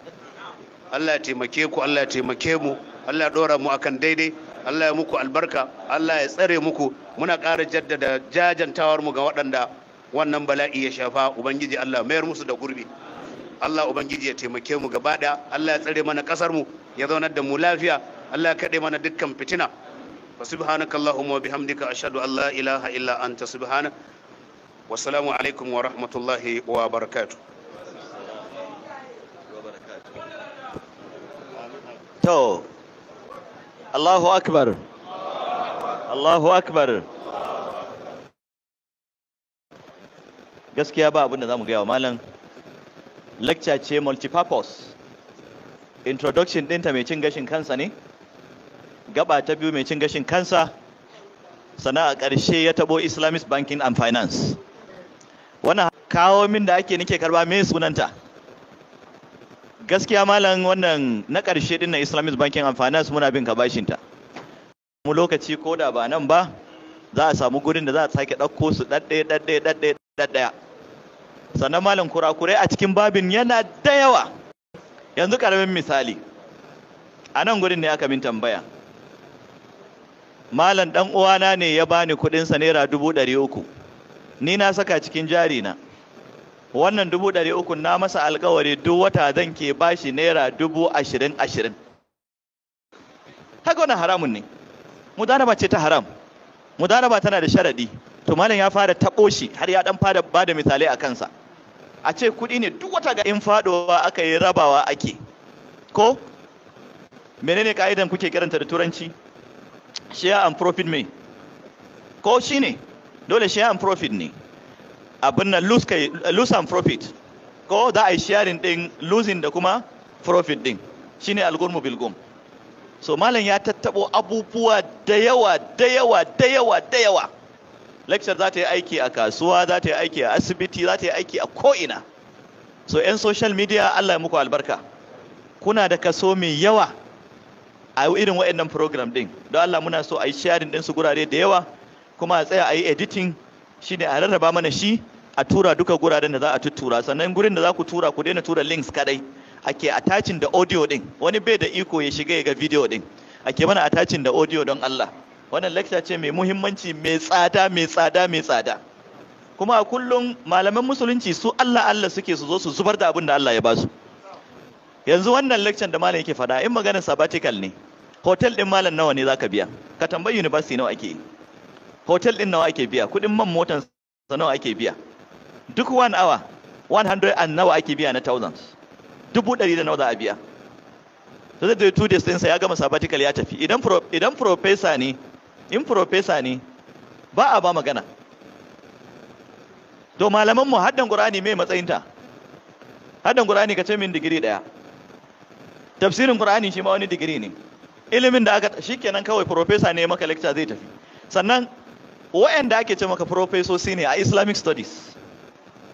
Allah ya taimake ku Allah ya taimake mu Allah ya dora mu akan daidai Allah ya muku albarka Allah ya tsare muku muna ƙara jaddada jajantawar mu ga waɗanda wannan bala'i ya shafa ubangiji Allah mayar musu da gurbi Allah ubangiji ya taimake mu gaba da Allah ya tsare mana ƙasar mu ya zaunar da mu lafiya Allah ya kaɗe mana dukkan fitina wa subhanaka allahumma wa bihamdika ashhadu an la ilaha illa anta subhanaka wassalamu alaikum wa rahmatullahi wa barakatuh to Allahu Akbar. Allahu Akbar. gaskiya ba abin da za mu gaya wa malam lecture ce multipurpose introduction ɗinta mai cin gashin kansa ne gaba ta biyu mai cin gashin kansa sana a ƙarshe ya tabo islamist banking and finance wannan kawo min da ake nike karba me sunanta gaskiya malam wannan na ƙarshe din na islamic banking and finance muna bin ka bashin ta mu lokaci ko da ba nan ba za a samu gurin da za a sake ɗauko su ɗaɗɗaya ɗaɗɗaya ɗaɗɗaya ɗaɗɗaya sannan malam kurakurai a cikin babin yana da yawa yanzu ƙaramin misali a nan gurin ne aka min tambaya malam ɗan uwana ne ya bani kuɗinsa naira dubu ɗari uku ni na saka cikin jari na wannan dubu ɗari uku na masa alkawari duk wata zan ke bashi naira dubu ashirin ashirin haka wannan haramun ne mudaraba ce ta haram mudaraba tana da sharaɗi to malam ya fara taɓo shi har ya ɗan fara ba da misalai a kansa a ce kuɗi ne duk wata ga in faɗowa aka yi rabawa ake ko menene ka'idan kuke kiranta da turanci share and profit me ko shi ne dole share and profit ne abin nan lose and profit ko za a yi sharing din losing da kuma profit din shine algurmu bilgum so malam ya tattabo abubuwa da yawa da yawa da yawa da yawa lecture za ta yi aiki a kasuwa za ta yi aiki a asibiti za ta yi aiki a ko'ina so 'yan social media allah ya muku albarka kuna da kaso mai yawa a irin waɗannan program din. don allah muna so a yi sharing su gurare da yawa kuma a tsaya a yi editing shine a rarraba mana shi a tura duka guraren da za a tuttura sannan gurin da za ku tura ku daina tura links kadai ake attaching da audio din wani bai da iko ya shiga ya ga video din ake mana attaching da audio don Allah wannan lecture ce mai muhimmanci mai tsada mai tsada mai tsada kuma a kullum malaman musulunci su Allah Allah suke su zo su zubar da abin da Allah ya basu yanzu wannan lecture da malam yake fada in maganar sabbatical ne hotel din malam nawa ne zaka biya ka tambayi university nawa ake yi hotel din nawa ake biya kudin man motan sa nawa ake biya duk one hour 100 and nawa ake biya na thousands dubu ɗari da nawa za a biya to zai two days din sa ya gama sabbatical ya tafi idan idan professor ne in professor ne ba a ba magana to malaman mu haddan qur'ani mai matsayinta haddan qur'ani ka ce min digiri daya tafsirin qur'ani shi ma wani digiri ne ilimin da aka shikenan kawai professor ne maka lecture zai tafi sannan wa'anda ake ce maka profesoci ne a islamic studies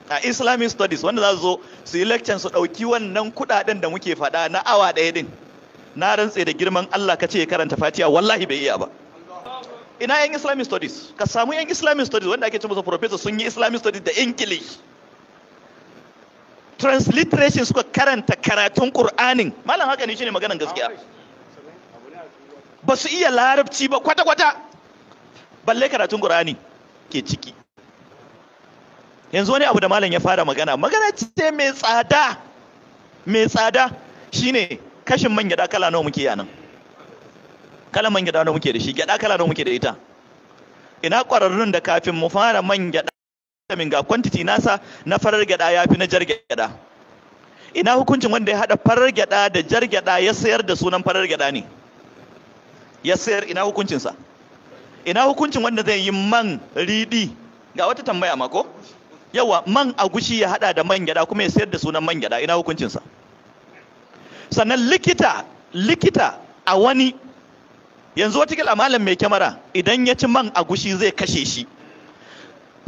a islamic studies wanda za su zo su yi lecture su ɗauki wannan kuɗaɗen da muke faɗa na awa ɗaya din. na rantse da girman Allah ka ce karanta fatiha wallahi bai iya ba ina yan islamic studies ka samu yan islamic studies wanda ake ce musu professor sun yi islamic studies da english transliteration suka karanta karatun qur'anin malam haka ne shine maganan gaskiya ba su iya larabci ba kwata-kwata balle karatun qur'ani ke ciki yanzu wani abu da malam ya fara magana magana ce mai tsada mai tsada shine kashin man gyada kala nawa muke yanan kala man gyada nawa muke da shi gyada kala nawa muke da ita ina kwararrun da kafin mu fara man gyada min ga quantity nasa na farar gyada yafi na jar gyada ina hukuncin wanda ya hada farar gyada da jar gyada ya sayar da sunan farar gyada ne ya sayar ina hukuncinsa ina hukuncin wanda zai yi man riɗi ga wata tambaya ma yawa man agushi ya hada da man gyada kuma ya sayar da sunan man gyada ina hukuncinsa sannan likita likita a wani yanzu wata malam mai kyamara idan ya ci man agushi zai kashe shi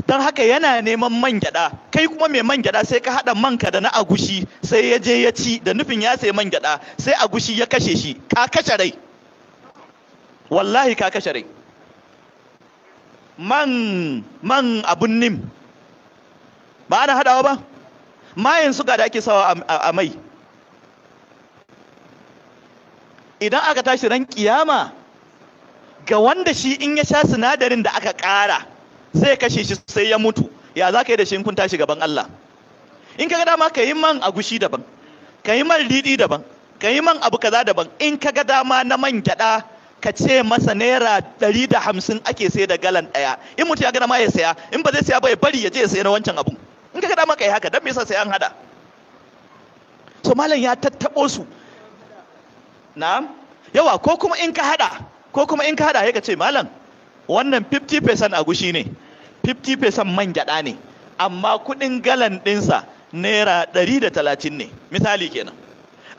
don haka yana neman man gyada kai kuma mai man gyada sai ka haɗa manka da na agushi sai ya je ya ci da nufin ya sai man gyada sai agushi ya kashe shi ka kashe rai wallahi ka kashe rai man man abun nim ba ana haɗawa ba mayen suka da ake sawa a mai idan aka tashi ran kiyama ga wanda shi in ya sha sinadarin da aka ƙara zai kashe shi sai ya mutu ya za ka yi da shi in kun tashi gaban Allah in ka ga dama ka yi man agushi daban ka yi man riɗi daban ka yi man abu kaza daban in ka ga dama na man gyaɗa ka ce masa naira ɗari da hamsin ake sai da galan ɗaya in mutum ya gana ma ya saya in ba zai saya ba ya bari ya je ya saya na wancan abun in ka gada maka yi haka don me yasa sai an hada so malam ya tattaɓo su na'am yawa ko kuma in ka hada ko kuma in ka hada ya ka ce malam wannan 50% agushi ne 50% man gyada ne amma kuɗin galan ɗinsa naira ɗari da talatin ne misali kenan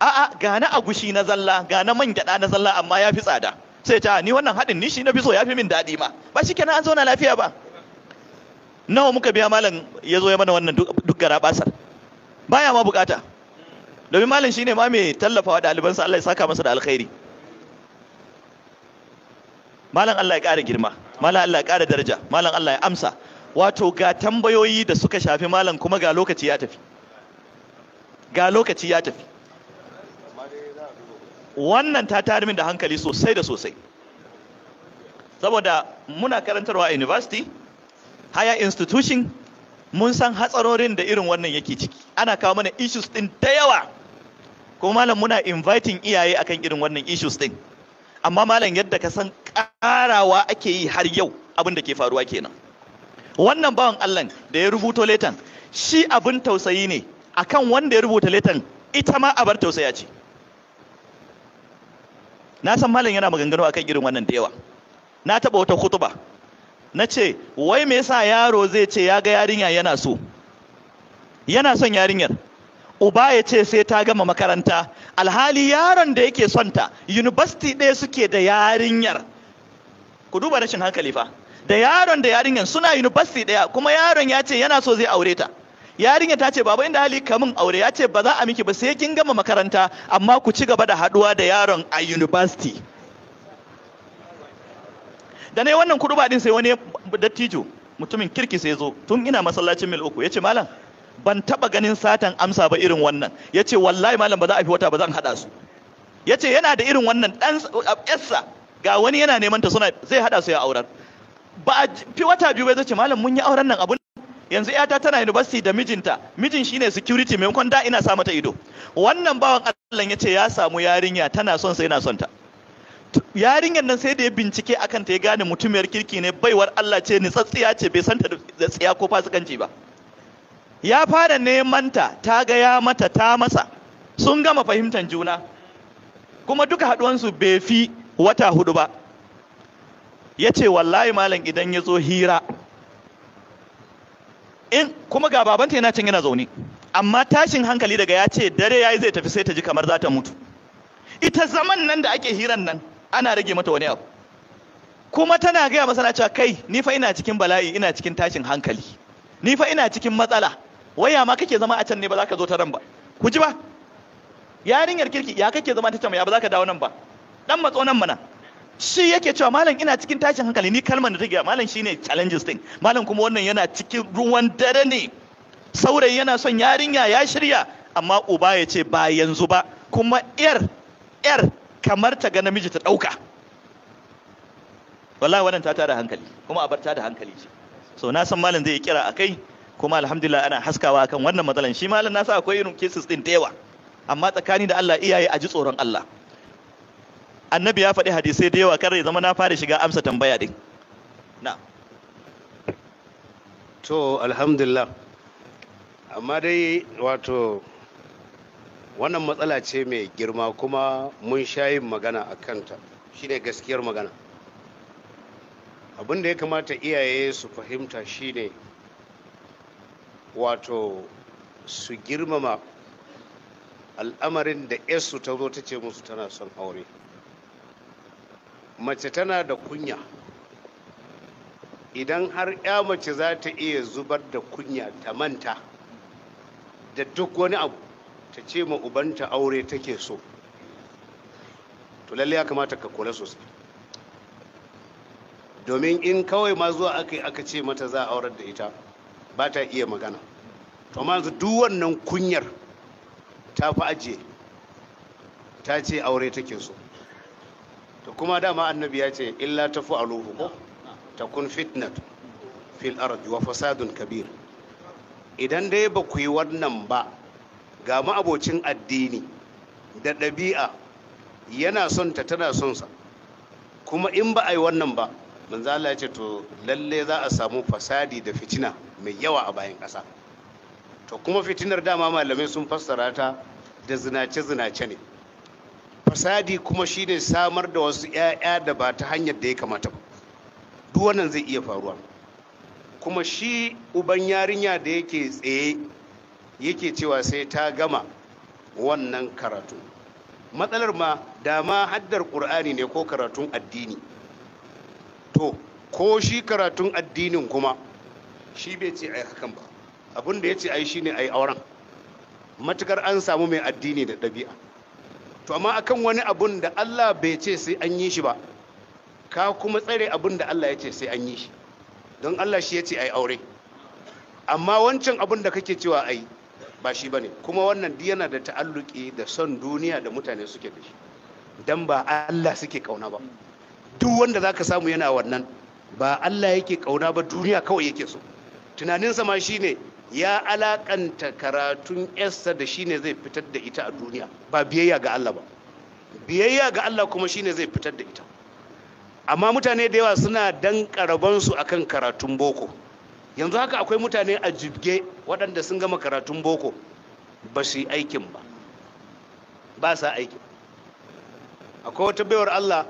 a'a gane agushi na zalla gane man gyaɗa na zalla amma ya fi tsada sai ta ni wannan haɗin ni shi na biso so ya fi min daɗi ma ba shi kenan an zauna lafiya ba nawa muka biya malam ya zo ya mana wannan duk gara basar baya ma bukata domin malam shine ma mai tallafawa ɗalibansa Allah ya saka masa da alkhairi malam Allah ya ƙara girma malam Allah ya ƙara daraja malam Allah ya amsa wato ga tambayoyi da suka shafi malam kuma ga lokaci ya tafi ga lokaci ya tafi wannan ta tari min da hankali sosai da sosai saboda muna karantarwa a university higher institution mun san hatsarorin da irin wannan yake ciki ana kawo mana issues din da yawa kuma malam muna inviting iyaye akan irin wannan issues din amma malam yadda ka san karawa ake yi har yau abin da ke faruwa kenan wannan bawan Allah da ya rubuto letan shi abin tausayi ne akan wanda ya rubuta letan ita ma abar tausaya ce na san malam yana maganganu akan irin wannan da yawa na taba wata kutuba na ce wai me yasa yaro zai ce ya ga yarinya yana so yana son yarinyar uba ya ce sai ta gama makaranta alhali yaron da yake son ta university ɗaya suke da yarinyar ku duba rashin hankali fa da yaron da yarinyar suna university ɗaya kuma yaron ya ce yana so zai aure ta yarinya ta ce baba inda hali kamun aure ya ce ba za a miki ba sai kin gama makaranta amma ku ci gaba da haduwa da yaron a university da ne wannan kudu din sai wani dattijo mutumin kirki sai zo tun ina masallacin mil uku ya ce malam ban taba ganin satan amsa ba irin wannan ya ce wallahi malam ba za a fi wata ba zan haɗa su ya ce yana da irin wannan dan yarsa ga wani yana neman ta suna zai haɗa su ya aurar ba a fi wata biyu bai zai ce malam mun yi auren nan abu yanzu yata tana university da mijinta mijin shine security maimakon da ina sa mata ido wannan bawan Allah ya ce ya samu yarinya tana son sa yana son ta yarinyar nan sai da ya bincike akan ta ya gane mutumiyar kirki ne baiwar Allah ce nitsatsiya ce bai santa da tsiya ko fasikanci ba ya fara neman ta ta ga ya mata ta masa sun gama fahimtar juna kuma duka haduwansu bai fi wata hudu ba ya ce wallahi malam idan ya zo hira in kuma ga babanta yana can yana zaune amma tashin hankali daga ya ce dare yayi zai tafi sai ta ji kamar za ta mutu ita zaman nan da ake hiran nan ana rage mata wani abu kuma tana gaya masa na cewa kai ni fa ina cikin bala'i ina cikin tashin hankali ni fa ina cikin matsala waya ma kake zama a can ne ba za ka zo ta ran ba ku ji ba yarinyar kirki ya kake zama ta can ya ba za ka dawo nan ba dan matso nan mana shi yake cewa malam ina cikin tashin hankali ni kalmar da take malam shine challenges din malam kuma wannan yana cikin ruwan dare ne saurayi yana son yarinya ya shirya amma uba ya ce ba yanzu ba kuma yar yar kamar ta ga namiji ta dauka wallahi wannan ta tada hankali kuma a bar ta da hankali ce so na san malam zai kira a kai kuma alhamdulillah ana haskawa akan wannan matsalan shi malam na sa akwai irin cases din da yawa amma tsakani da Allah iyaye a ji tsoron Allah annabi ya faɗi hadisai da yawa kar ya zama na fara shiga amsa tambaya din na to alhamdulillah amma dai wato wannan matsala ce mai girma kuma mun sha yin magana a kanta shine gaskiyar magana abin da ya kamata iyaye su fahimta shine wato su girmama al'amarin da 'yarsu ta zo ta ce musu tana son aure mace tana da kunya idan har ya mace za ta iya zubar da kunya ta manta da duk wani abu ta ce ma ubanta aure take so to lalle ya kamata ka kula sosai domin in kawai ma zuwa aka yi aka ce mata za a aurar da ita ba ta iya magana to ma duk wannan kunyar ta fi ajiye ta ce aure take so to kuma dama annabi ya ce illa aluhu ko kun fitnat fil ardi wa fasadun kabir idan dai ba ku yi wannan ba ga ma'abocin addini da ɗabi'a yana son ta tana son sa kuma in ba a yi wannan ba manzo Allah ya ce to lalle za a samu fasadi da fitina mai yawa a bayan ƙasa to kuma fitinar dama malamai sun fassara ta da zinace-zinace ne fasadi kuma shine samar da wasu 'ya'ya da ba ta hanyar da ya kamata ba duk wannan zai iya faruwa kuma shi uban yarinya da yake tsaye yake cewa sai ta gama wannan karatu matsalar ma dama haddar ƙur'ani ne ko karatun addini to ko shi karatun addinin kuma shi bai ce ai hakan ba abin da ya ce ai shine ai auren matukar an samu mai addini da ɗabi'a to amma akan wani abun da Allah bai ce sai an yi shi ba ka kuma tsare abun da Allah ya ce sai an yi shi don Allah shi ya ce ai aure amma wancan abun da kake cewa ai ba shi bane kuma wannan duk yana da ta'alluki da son duniya da mutane suke da shi dan ba Allah suke kauna ba duk wanda zaka samu yana wannan ba Allah yake kauna ba duniya kawai yake so tunaninsa ma shine ya alakanta karatun Esther da shine zai fitar da ita a duniya ba biyayya ga Allah ba biyayya ga Allah kuma shine zai fitar da ita amma mutane da yawa suna dan karabansu akan karatun boko yanzu haka akwai mutane a jibge waɗanda sun gama karatun boko ba su yi aikin ba ba sa aikin akwai wata baiwar Allah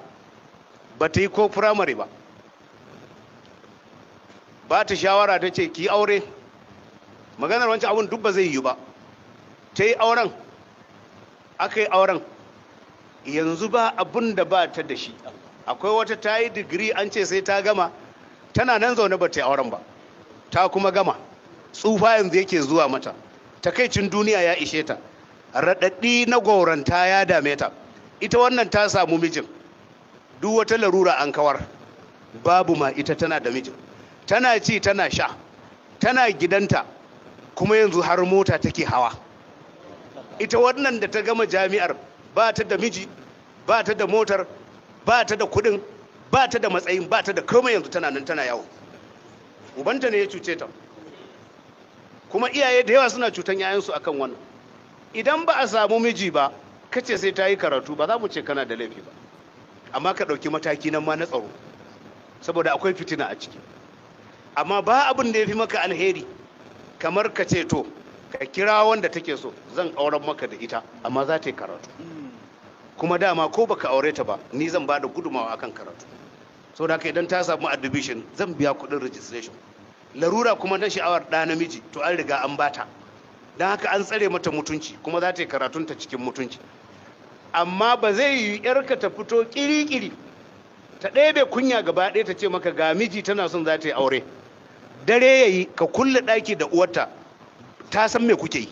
ba ta yi ko firamare ba ba ta shawara ta ce ki aure maganar wancan abin duk ba zai yi ba ta yi auren aka yi auren yanzu ba abin da ba ta da shi akwai wata ta yi digiri an ce sai ta gama tana nan zaune ba ta yi auren ba ta kuma gama tsufa yanzu yake zuwa mata takaicin duniya ya ishe ta raɗaɗi na gwauranta ya dame ta ita wannan ta samu mijin duk wata larura an kawar babu ma ita tana da mijin tana ci tana sha tana gidanta kuma yanzu har mota take hawa ita wannan da ta gama jami'ar ba ta da miji ba ta da motar ba ta da kudin ba ta da matsayin ba ta da komai yanzu tana nan tana yawo ubanta ne ya cuce ta kuma iyaye da yawa suna cutan 'ya'yansu akan wannan idan ba a samu miji ba kace sai ta yi karatu ba za mu ce kana da laifi ba amma ka ɗauki mataki nan ma na tsaro saboda akwai fitina a ciki amma ba abin da ya fi maka alheri kamar ka ce to ka kira wanda take so zan auren maka da ita amma za ta yi karatu kuma dama ko baka aure ta ba ni zan ba da gudumawa akan karatu sau da idan ta samu admission zan biya kudin registration larura kuma dan sha'awar ɗa namiji to an riga an bata dan haka an tsare mata mutunci kuma za ta yi karatunta cikin mutunci amma ba zai yi yarka ta fito kiri-kiri ta ɗebe kunya gaba ɗaya ta ce maka ga miji tana son za ta yi aure dare ya yi ka kulle ɗaki da uwarta ta san me kuke yi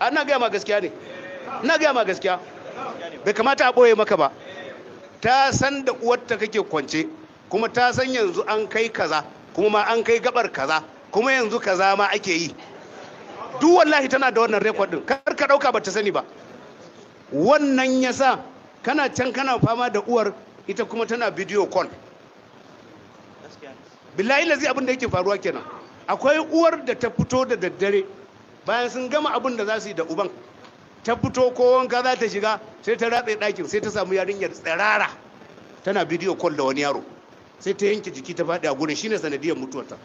ana gaya ma gaskiya ne na gaya ma gaskiya bai kamata a ɓoye maka ba ta san da uwarta kake kwance kuma ta san yanzu an kai kaza kuma ma an kai gabar kaza kuma yanzu kaza ma ake yi duk wallahi tana da wannan rekod din kar ka dauka bata sani ba wannan yasa kana can kana fama da uwar ita kuma tana bidiyo call billahi lazi abin da yake faruwa kenan akwai uwar da ta fito da daddare bayan sun gama abin da za su yi da uban ta fito ko wanka za ta shiga sai ta ratsa ɗakin sai ta samu yarinyar tsirara tana bidiyo kol da wani yaro sai ta yanke jiki ta faɗi a gurin shine sanadiyar mutuwarta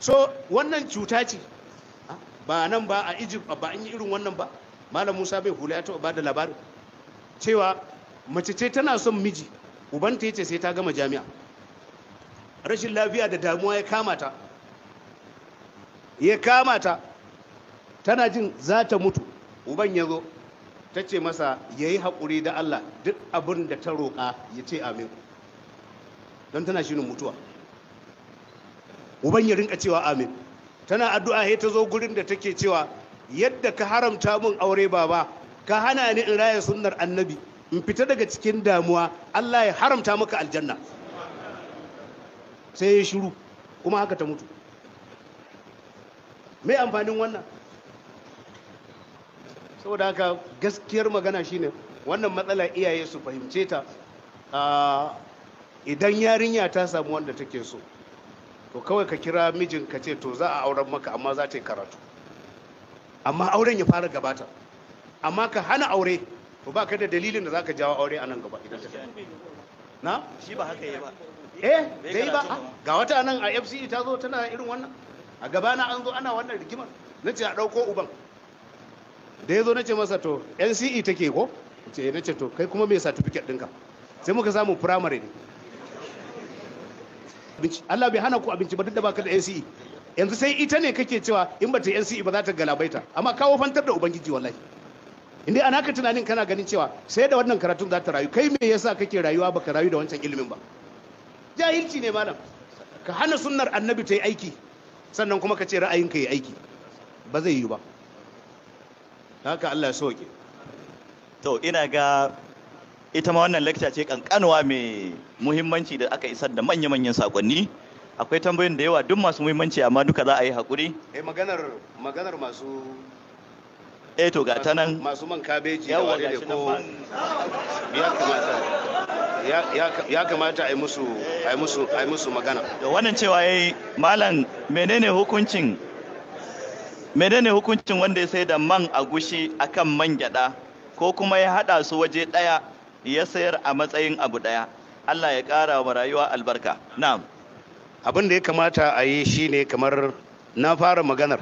so wannan cuta ce ba nan ba a egypt ba an yi irin wannan ba malam musa bai hula ya taɓa ba da labarin cewa mace ce tana son miji ubanta ya ce sai ta gama jami'a rashin lafiya da damuwa ya kamata ya kamata tana jin za ta mutu uban ya zo ta ce masa ya yi haƙuri da Allah duk abin da ta roƙa ya ce amin don tana shinin mutuwa uban ya rinka cewa amin tana addu'a ya ta zo gurin da take cewa yadda ka haramta mun aure baba ka hana ni in raya sunnar annabi in fita daga cikin damuwa Allah ya haramta maka aljanna sai ya shiru kuma haka ta mutu mai amfanin wannan saboda haka gaskiyar magana shine wannan matsala iyaye su fahimce ta idan yarinya ta samu wanda take so to kawai ka kira mijin ka ce to za a auren maka amma za ta yi karatu amma auren ya fara gabata amma ka hana aure to ba ka da dalilin da za ka jawo aure a nan gaba idan ta na shi ba haka yi ba eh bai ba ga wata nan a fce ta zo tana irin wannan a gabana an zo ana wannan rigimar na ce a ɗauko uban da ya zo na ce masa to nce take ko ce eh, na ce to kai kuma mai certificate ɗinka sai muka samu firamare ne Allah bai hana ku abinci ba duk da baka da nce yanzu sai ita ne kake cewa in ba ta nce ba za ta galabaita amma kawo fantar da ubangiji wallahi inda ana ka tunanin kana ganin cewa sai da wannan karatun za ta rayu kai me yasa kake rayuwa baka rayu da wancan ilimin ba jahilci ne malam ka hana sunnar annabi ta yi aiki sannan kuma ka ce ra'ayinka yi aiki ba zai yi ba haka Allah ya soke to ina ga ita ma wannan lecture ce kankanwa mai muhimmanci da aka isar da manya-manyan sakonni akwai tambayoyin da yawa duk masu muhimmanci amma duka za a yi haƙuri? eh maganar maganar masu eh to ga ta nan masu man kabeji da da ko ya kamata ya kamata a yi musu magana da wannan cewa yi malam menene hukuncin menene hukuncin wanda ya sai da man agushi akan man gyada ko kuma ya hada su waje daya ya sayar a matsayin abu daya Allah ya kara wa rayuwa albarka na'am abin da ya kamata a yi shine kamar na fara maganar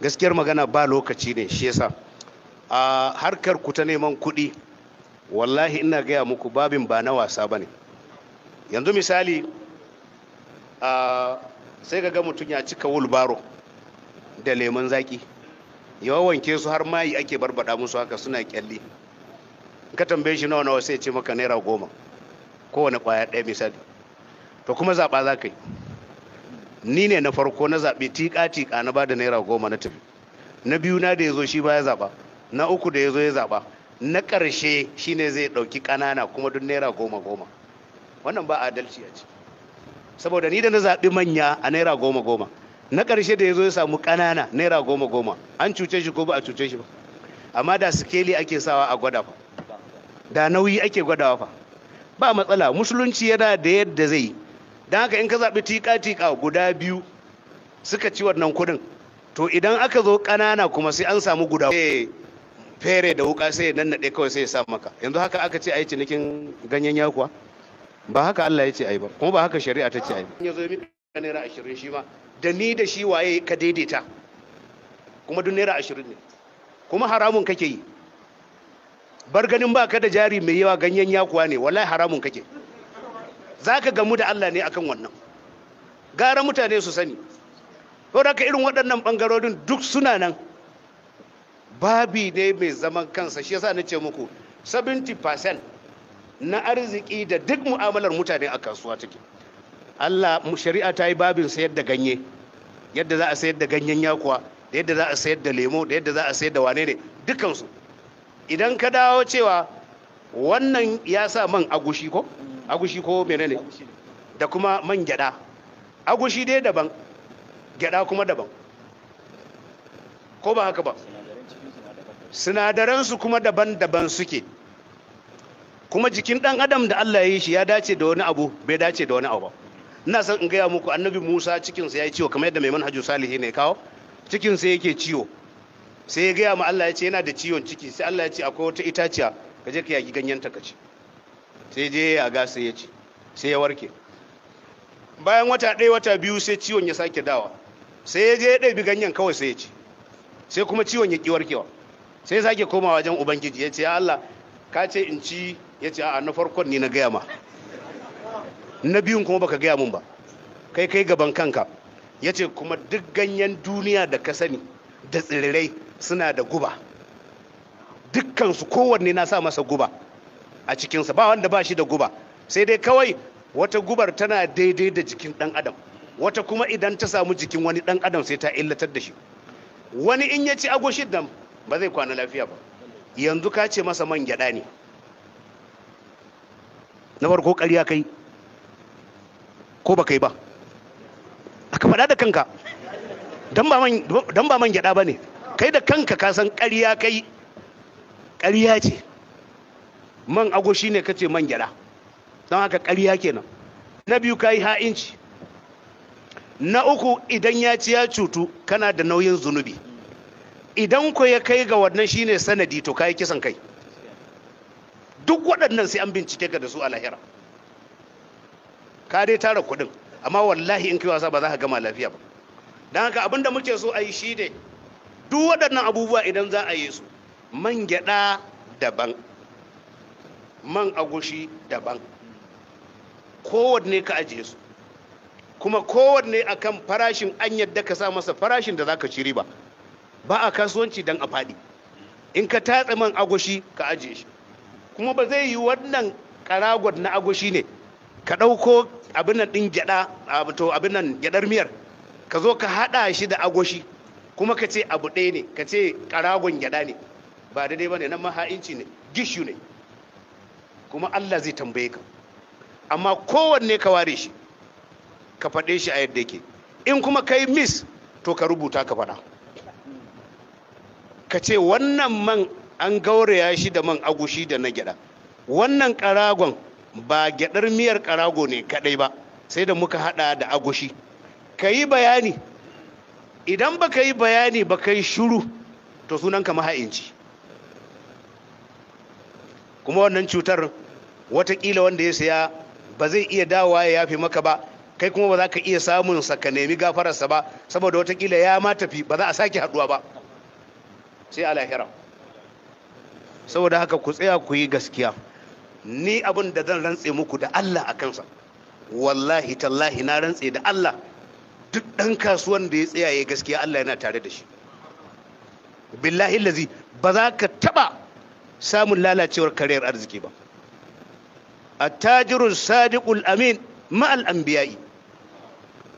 gaskiyar magana ba lokaci ne shi yasa a harkar ku ta neman kuɗi wallahi ina gaya muku babin ba na wasa ba ne yanzu misali sai ga mutum ya cika wulbaro da lemon zaki yawan wanke su har mayi ake barbada musu haka suna kyalli ka tambaye shi nawa nawa sai ce maka naira goma kowane kwaya ɗaya misali to kuma zaɓa za ka yi ni ne na farko na zaɓi tiƙa-tiƙa na ba da naira goma na tafi na biyu na da ya zo shi ba ya zaɓa na uku da ya zo ya zaɓa na ƙarshe shine zai ɗauki ƙanana kuma duk naira goma goma wannan ba adalci a ciki saboda ni da na zaɓi manya a naira goma goma na ƙarshe da ya zo ya samu ƙanana naira goma goma an cuce shi ko ba a cuce shi ba amma da sikeli ake sawa a gwada fa da nauyi ake gwadawa fa ba matsala musulunci yana da yadda zai yi don haka in ka zaɓi tika-tika guda biyu suka ci wannan kuɗin to idan aka zo ƙanana kuma sai an samu guda eh, fere da wuka sai ya naɗe kawai sai ya sa maka yanzu haka aka ce a yi cinikin ganyen yakuwa ba haka Allah ya ce a yi ba kuma ba haka shari'a ta ce a yi ba ya zo da naira ashirin shi ma da ni da shi waye ka daidaita kuma duk naira ashirin ne kuma haramun kake yi bar ganin ba ka da jari mai yawa ganyen yakuwa ne wallahi haramun kake za ka gamu da Allah ne akan wannan gara mutane su sani ko da ka irin waɗannan ɓangarorin duk suna nan babi ne mai zaman kansa shi yasa na ce muku 70% na arziki da duk mu'amalar mutane a kasuwa take Allah shari'a ta yi babin sayar da ganye yadda za a sayar da ganyen yakuwa da yadda za a sayar da lemo da yadda za a sayar da wane ne dukansu idan ka dawo cewa wannan ya sa man agushi ko agushi ko menene da kuma man gyada agushi dai daban gyada kuma daban ko ba haka ba sinadaransu kuma daban-daban suke kuma jikin dan adam da Allah ya yi shi ya dace da wani abu bai dace da wani abu ina son in gaya muku annabi Musa cikinsa ya yi ciwo kamar yadda mai manhajo salihi ne kawo cikinsa yake ciwo sai ya gaya ma Allah ya ce yana da ciwon ciki sai Allah ya ce akwai wata itaciya ka je ka yaki ganyen ta ci, sai je ya ga sai ya ci sai ya warke bayan wata ɗaya wata biyu sai ciwon ya sake dawa sai ya je ya ɗabi ganyen kawai sai ya ci sai kuma ciwon ya ki warkewa sai sake koma wajen ubangiji ya ce ya Allah ka ce in ci ya ce a na farkon ne na gaya ma na biyun kuma baka gaya mun ba kai kai gaban kanka ya ce kuma duk ganyen duniya da ka sani da tsirrai suna da guba dukkansu kowanne na sa masa guba a cikinsa ba wanda ba shi da guba sai dai kawai wata gubar tana daidai da jikin dan adam wata kuma idan ta samu jikin wani dan adam sai ta illatar da shi wani in ya ci agoshin nan ba zai kwana lafiya ba yanzu ka ce masa man gyada ne na farko ƙarya kai ko ba kai ba aka faɗa da kanka don ba man gyada ba ne kai da kanka ka san ƙarya kai ƙarya ce man ago shi ne ce man gyada don haka ƙarya kenan na biyu ka yi ha'inci na uku idan ya ci ya cutu kana da nauyin zunubi idan ku ya kai ga wannan shine sanadi to kai kisan kai duk waɗannan sai an bincike ka da su a lahira ka dai tara kuɗin amma wallahi in kai wasa ba za ka gama lafiya ba don haka abin da muke so a yi shi ne duk waɗannan abubuwa idan za a yi su man gyaɗa daban man agushi daban kowanne ka ajiye su kuma kowanne akan farashin an yadda ka sa masa farashin da za ka ci ba. ba a kasuwanci don a faɗi in ka tatsa man agushi ka ajiye shi kuma ba zai yi wannan karagod na agushi ne ka ɗauko abin nan ɗin gyaɗa to abin nan gyaɗar miyar ka zo ka haɗa shi da agushi kuma ka ce abu ɗaya ne ka ce karagon gyaɗa ne ba daidai ba ne nan maha'inci ne gishu ne kuma allah zai tambaye ka amma kowanne ka ware shi ka faɗe shi a yadda yake in kuma kai mis to ka rubuta ka faɗa ka ce wannan man an gauraya shi da man agushi da na gyada wannan karagon ba gyadar miyar karago ne kadai ba sai da muka hada da agushi ka yi bayani idan ba ka yi bayani ba ka yi shuru to sunanka maha'inci kuma wannan cutar watakila wanda ya saya ba zai iya dawa ya yafe maka ba kai kuma ba za ka iya samun sa ka nemi gafararsa ba saboda watakila ya ma ba za a sake haduwa ba sai a lahira saboda haka ku tsaya ku yi gaskiya ni abin da zan rantse muku da Allah a kansa wallahi tallahi na rantse da Allah duk ɗan kasuwan da ya tsaya ya gaskiya Allah yana tare da shi billahi lazi ba za ka taɓa samun lalacewar kariyar arziki ba A attajirun sadiqul amin ma'al anbiya'i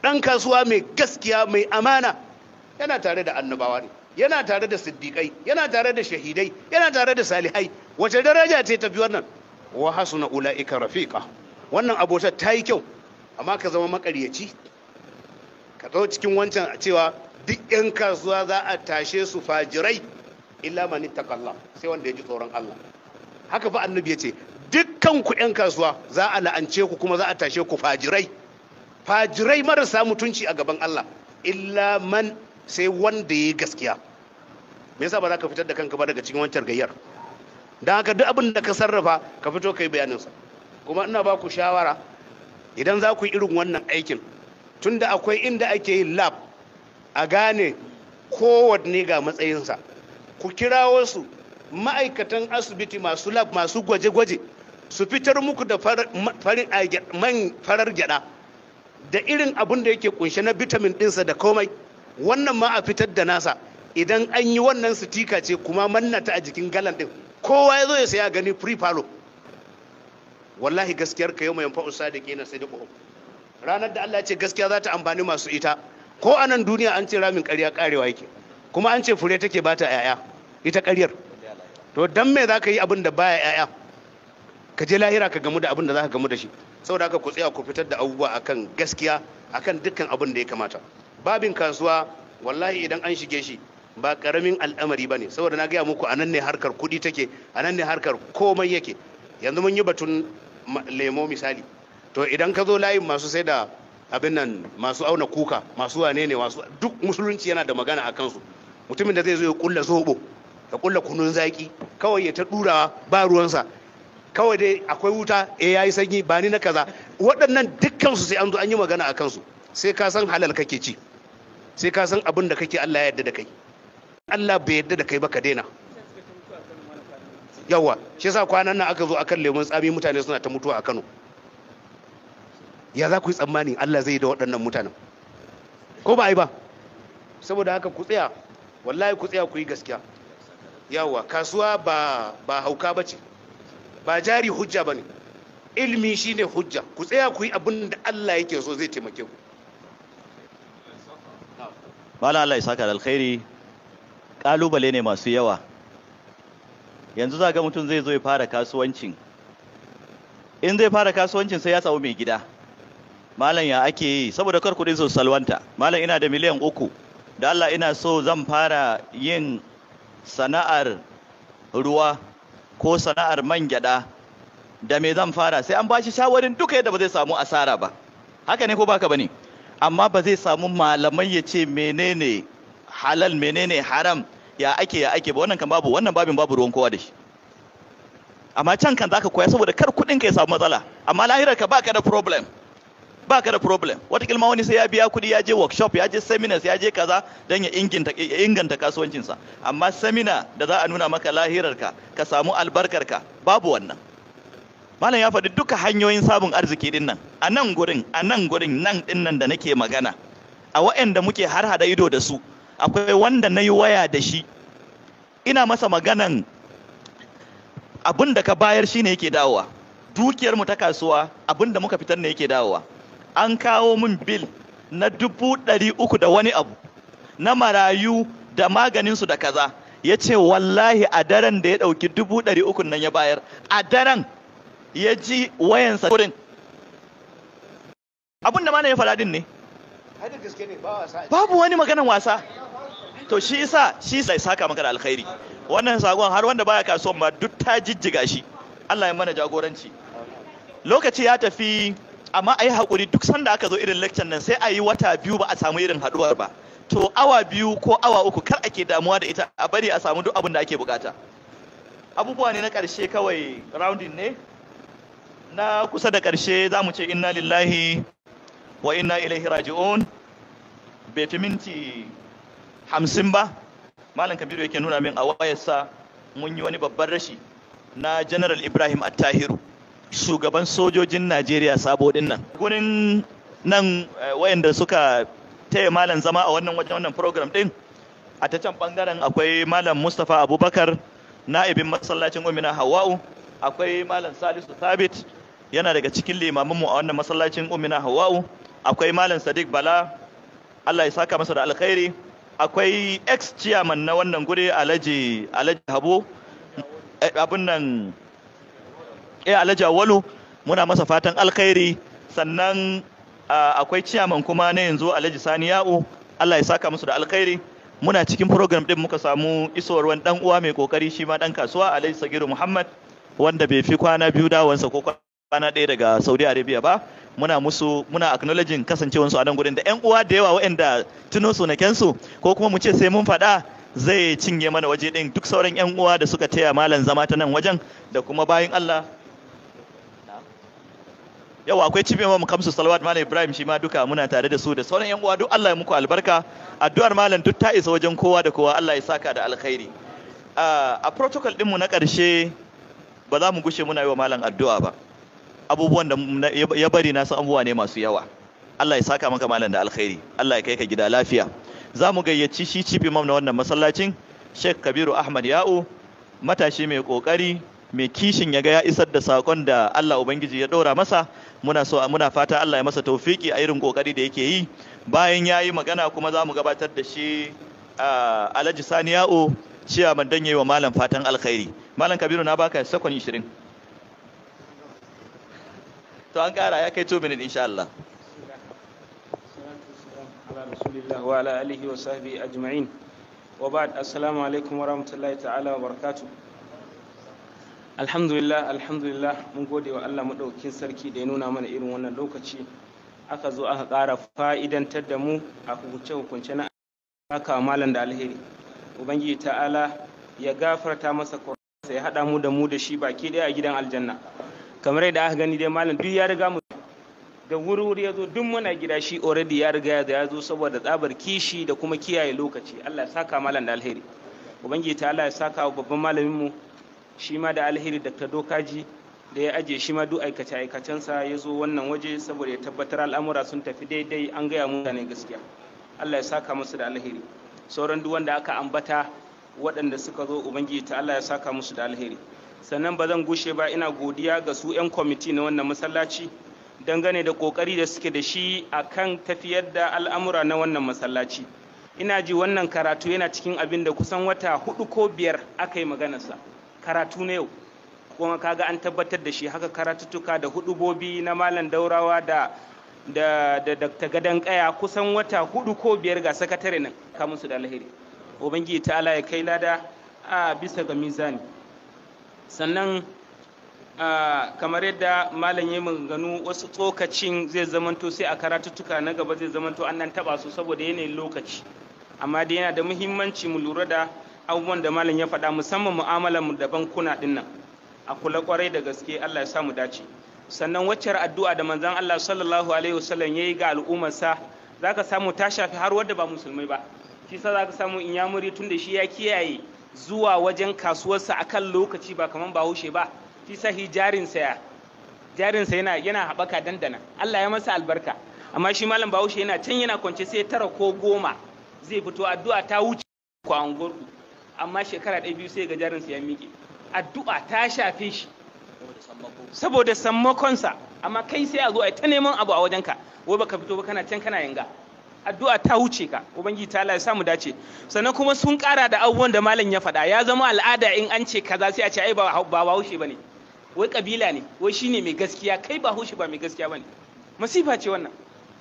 ɗan kasuwa mai gaskiya mai amana yana tare da annabawa ne yana tare da siddiƙai yana tare da shahidai yana tare da salihai wace daraja ce tafi wannan wa hasuna ula'ika rafiqa wannan abotar ta yi kyau amma ka zama makaryaci ka zo cikin wancan a cewa duk 'yan kasuwa za a tashe su fajirai illa mani takallah sai wanda ya ji tsoron Allah haka fa annabi ya ce dukkan ku 'yan kasuwa za a la'ance ku kuma za a tashe ku fajirai fajirai marasa mutunci a gaban Allah illa man sai wanda ya yi gaskiya me yasa ba za ka fitar da kanka ba daga cikin wancan gayyar don haka duk abin da ka sarrafa ka fito ka yi bayaninsa kuma ina ba ku shawara idan za ku yi irin wannan aikin tunda akwai inda ake yin lab a gane kowanne ga matsayinsa ku kirawo su ma'aikatan asibiti masu lab masu gwaje-gwaje su fitar muku da man farar gyada da irin abin da yake kunshe na vitamin dinsa da komai wannan ma a fitar da nasa idan an yi wannan sitika ce kuma mannata a jikin galan din kowa ya zo ya saya gani free palo wallahi gaskiyar ka yau mai fa'u da na sai ranar da Allah ce gaskiya za ta amfani masu ita ko a nan duniya an ce ramin ƙarya karewa yake kuma an ce fure take bata yaya ita ƙaryar to dan me za ka yi abin da baya yaya ka je lahira ka gamu da abin da za ka gamu da shi saboda haka ku tsaya ku fitar da abubuwa akan gaskiya akan dukkan abin da ya kamata babin kasuwa wallahi idan an shige shi ba karamin al'amari ba ne saboda na gaya muku anan ne harkar kuɗi take anan ne harkar komai yake yanzu mun yi batun lemo misali to idan ka zo layin masu sai da abin nan masu auna kuka masu wane ne masu duk musulunci yana da magana a kansu mutumin da zai zo ya kulla zobo ya kulla kunun zaki kawai ya ta durawa ba ruwansa kawai dai akwai wuta e eh, yayi sanyi ba ni na kaza waɗannan dukkan su sai an zo an yi magana a kansu sai ka san halal kake ci sai ka san abin da kake Allah ya yarda da kai Allah bai yarda da kai ba ka daina yawa shi yasa kwanan nan aka zo akan lemun tsami mutane suna ta mutuwa a Kano ya za ku yi tsammani Allah zai yi da waɗannan mutanen ko ba yi ba saboda haka ku tsaya wallahi ku tsaya ku yi gaskiya yawa kasuwa ba ba hauka ba ce ba jari hujja ba ne ilimi shine hujja ku tsaya ku yi abin da Allah yake so zai taimake ku Bala Allah ya saka da alkhairi ƙalubale ne masu yawa yanzu za ga mutum zai zo ya fara kasuwancin in zai fara kasuwancin sai ya samu mai gida malam ya ake yi saboda kar kuɗin su salwanta malam ina da miliyan uku da Allah ina so zan fara yin sana'ar ruwa ko sana'ar man gyada da me zan fara sai an bashi shawarin duka yadda ba zai samu asara ba haka ne ko baka bane amma ba zai samu malamai ya ce menene halal menene haram ya ake ya ake ba wannan kan babu wannan babin babu ruwan kowa da shi amma can kan zaka koya saboda kar kudin ka ya samu matsala amma lahirar ka baka da problem baka da problem wata kilma wani sai ya biya kudi ya je workshop ya je seminars ya je kaza dan ya inganta ya inganta kasuwancin sa amma seminar da za a nuna maka lahirar ka ka samu albarkar ka babu wannan malam ya faɗi duka hanyoyin sabon arziki din nan a nan gurin a nan gurin nan din nan da nake magana a waɗanda muke har hada ido da su akwai wanda na yi waya da shi ina masa maganan abin da ka bayar shi ne yake dawowa dukiyarmu ta kasuwa abin da muka fitar ne yake dawowa an kawo min bil na dubu ɗari uku da wani abu na marayu da maganinsu da kaza ya ce wallahi a daren da ya ɗauki dubu ɗari uku nan ya bayar a daren ya ji wayansa kurin abin da ma na ya faradin ne babu wani maganan wasa to shi isa shi sai saka maka da alkhairi wannan sagon har wanda baya kasuwan ma duk ta jijjiga shi Allah ya mana jagoranci lokaci ya tafi amma a yi hakuri duk sanda aka zo irin lecture nan sai a yi wata biyu ba a samu irin haɗuwar ba to awa biyu ko awa uku kar ake damuwa da ita a bari a samu duk abin da ake bukata abubuwa ne na ƙarshe kawai rounding ne na kusa da karshe za mu ce inna lillahi wa inna ilaihi raji'un bai hamsin ba malam kabiru yake nuna min a wayarsa mun yi wani babban rashi na general ibrahim attahiru shugaban sojojin najeriya sabo din nan gurin nan eh, wayanda suka taya malam zama a wannan wajen wannan program din a ta can bangaren akwai malam mustapha abubakar na'ibin masallacin umina hawa'u akwai malam salisu thabit yana daga cikin limaminmu a wannan masallacin umina hawa'u akwai malam sadiq bala allah ya saka masa da alkhairi akwai ex chairman na wannan guri alhaji alhaji habo abin nan eh alhaji walu muna masa fatan alkhairi sannan akwai chairman kuma na yanzu alhaji sani ya'u Allah ya saka musu da alkhairi muna cikin program din muka samu isowar wani dan uwa mai kokari shi ma dan kasuwa alhaji sagiru muhammad wanda bai fi kwana biyu dawansa ko kwana ɗaya daga saudi arabia ba muna musu muna acknowledging kasancewansu a nan gudun da yan uwa da yawa waɗanda tuno kensu ko kuma mu ce sai mun faɗa zai cinye mana waje ɗin duk sauran yan uwa da suka taya malam zama ta nan wajen da kuma bayan Allah yawa akwai cibe mu kamsu salawat malam ibrahim shi ma duka muna tare da su da sauran yan uwa duk Allah ya muku albarka addu'ar malam duk ta isa wajen kowa da kowa Allah ya saka da alkhairi ah, a protocol dinmu na karshe ba za mu gushe muna yi wa malam addu'a ba abubuwan da ya bari na san abubuwa ne masu yawa Allah ya saka maka malam da alkhairi Allah ya kai ka gida lafiya za mu gayyaci shi chief imam na wannan masallacin Sheikh Kabiru Ahmad Ya'u matashi mai kokari mai kishin ya ga ya isar da sakon da Allah Ubangiji ya ɗora masa muna so muna fata Allah ya masa taufiki a irin kokari da yake yi bayan ya yi magana kuma za mu gabatar da shi Alhaji Sani ya'u ciyaman don yayi wa malam fatan alkhairi malam Kabiru na baka sakon 20 to an kara ya kai 2 minutes insha Allah ala rasulillah wa ala alihi wa sahbihi ajma'in wa ba'd assalamu alaikum wa rahmatullahi ta'ala wa barakatuh alhamdulillah alhamdulillah mun gode wa Allah madaukakin sarki da ya nuna mana irin wannan lokaci aka zo aka ƙara fa'idantar da mu a hukunce hukunce na aka malam da alheri ubangiji ta'ala ya gafarta masa kurasa ya haɗa mu da mu da shi baki ɗaya a gidan aljanna kamar yadda aka gani dai malam duk ya riga mu da wuri wuri ya zo duk muna gida shi already ya riga ya zo saboda tsabar kishi da kuma kiyaye lokaci Allah ya saka malam da alheri ubangiji ta Allah ya saka wa babban malamin mu shi ma da alheri Dr. Dokaji da ya aje shi ma duk aikace aikacensa ya zo wannan waje saboda ya tabbatar al'amura sun tafi daidai an gaya mutane gaskiya Allah ya saka musu da alheri sauran duk wanda aka ambata waɗanda suka zo ubangiji ta Allah ya saka musu da alheri sannan ba zan gushe ba ina godiya ga su 'yan kwamiti na wannan masallaci dangane da kokari da suke da shi a kan tafiyar da al'amura na wannan masallaci ina ji wannan karatu yana cikin abin da kusan wata hudu ko biyar aka yi maganarsa karatu na yau kuma kaga an tabbatar da shi haka karatuttuka da hudubobi na malam daurawa da da da da gadan kaya kusan wata hudu ko biyar ga sakatare nan kamun su da alheri ubangiji ta ala ya kai lada a bisa ga mizani sannan kamar yadda malam ya ganu wasu tsokacin zai zamanto sai a karatuttuka na gaba zai zamanto an nan taba su saboda yanayin lokaci amma dai yana da muhimmanci mu lura da abubuwan da malam ya faɗa musamman mu'amalar mu da bankuna ɗin a kula kwarai da gaske Allah ya sa mu dace sannan waccar addu'a da manzon Allah sallallahu alaihi wasallam yayi ga al'ummarsa zaka samu ta shafi har wanda ba musulmai ba shi sa zaka samu in ya muri tunda shi ya kiyaye zuwa wajen kasuwarsa a kan lokaci ba kaman bahaushe ba fi sahi jarinsa yana yana haɓaka dandana Allah ya masa albarka amma shi malam bahaushe yana can yana kwance sai tara ko goma zai fito addu'a ta wuce ku an amma shekara ɗaya biyu sai ga jarinsa ya miƙe addu'a ta shafe shi saboda sammakonsa amma kai sai a zo a ta neman abu a wajenka wai baka fito ba kana can kana yanga addu'a ta wuce ka ubangiji ta Allah ya samu dace sannan kuma sun kara da abubuwan da malam ya faɗa ya zama al'ada in an ce kaza sai a ce ai ba ba haushe bane wai kabila ne wai shine mai gaskiya kai ba haushe ba mai gaskiya bane masifa ce wannan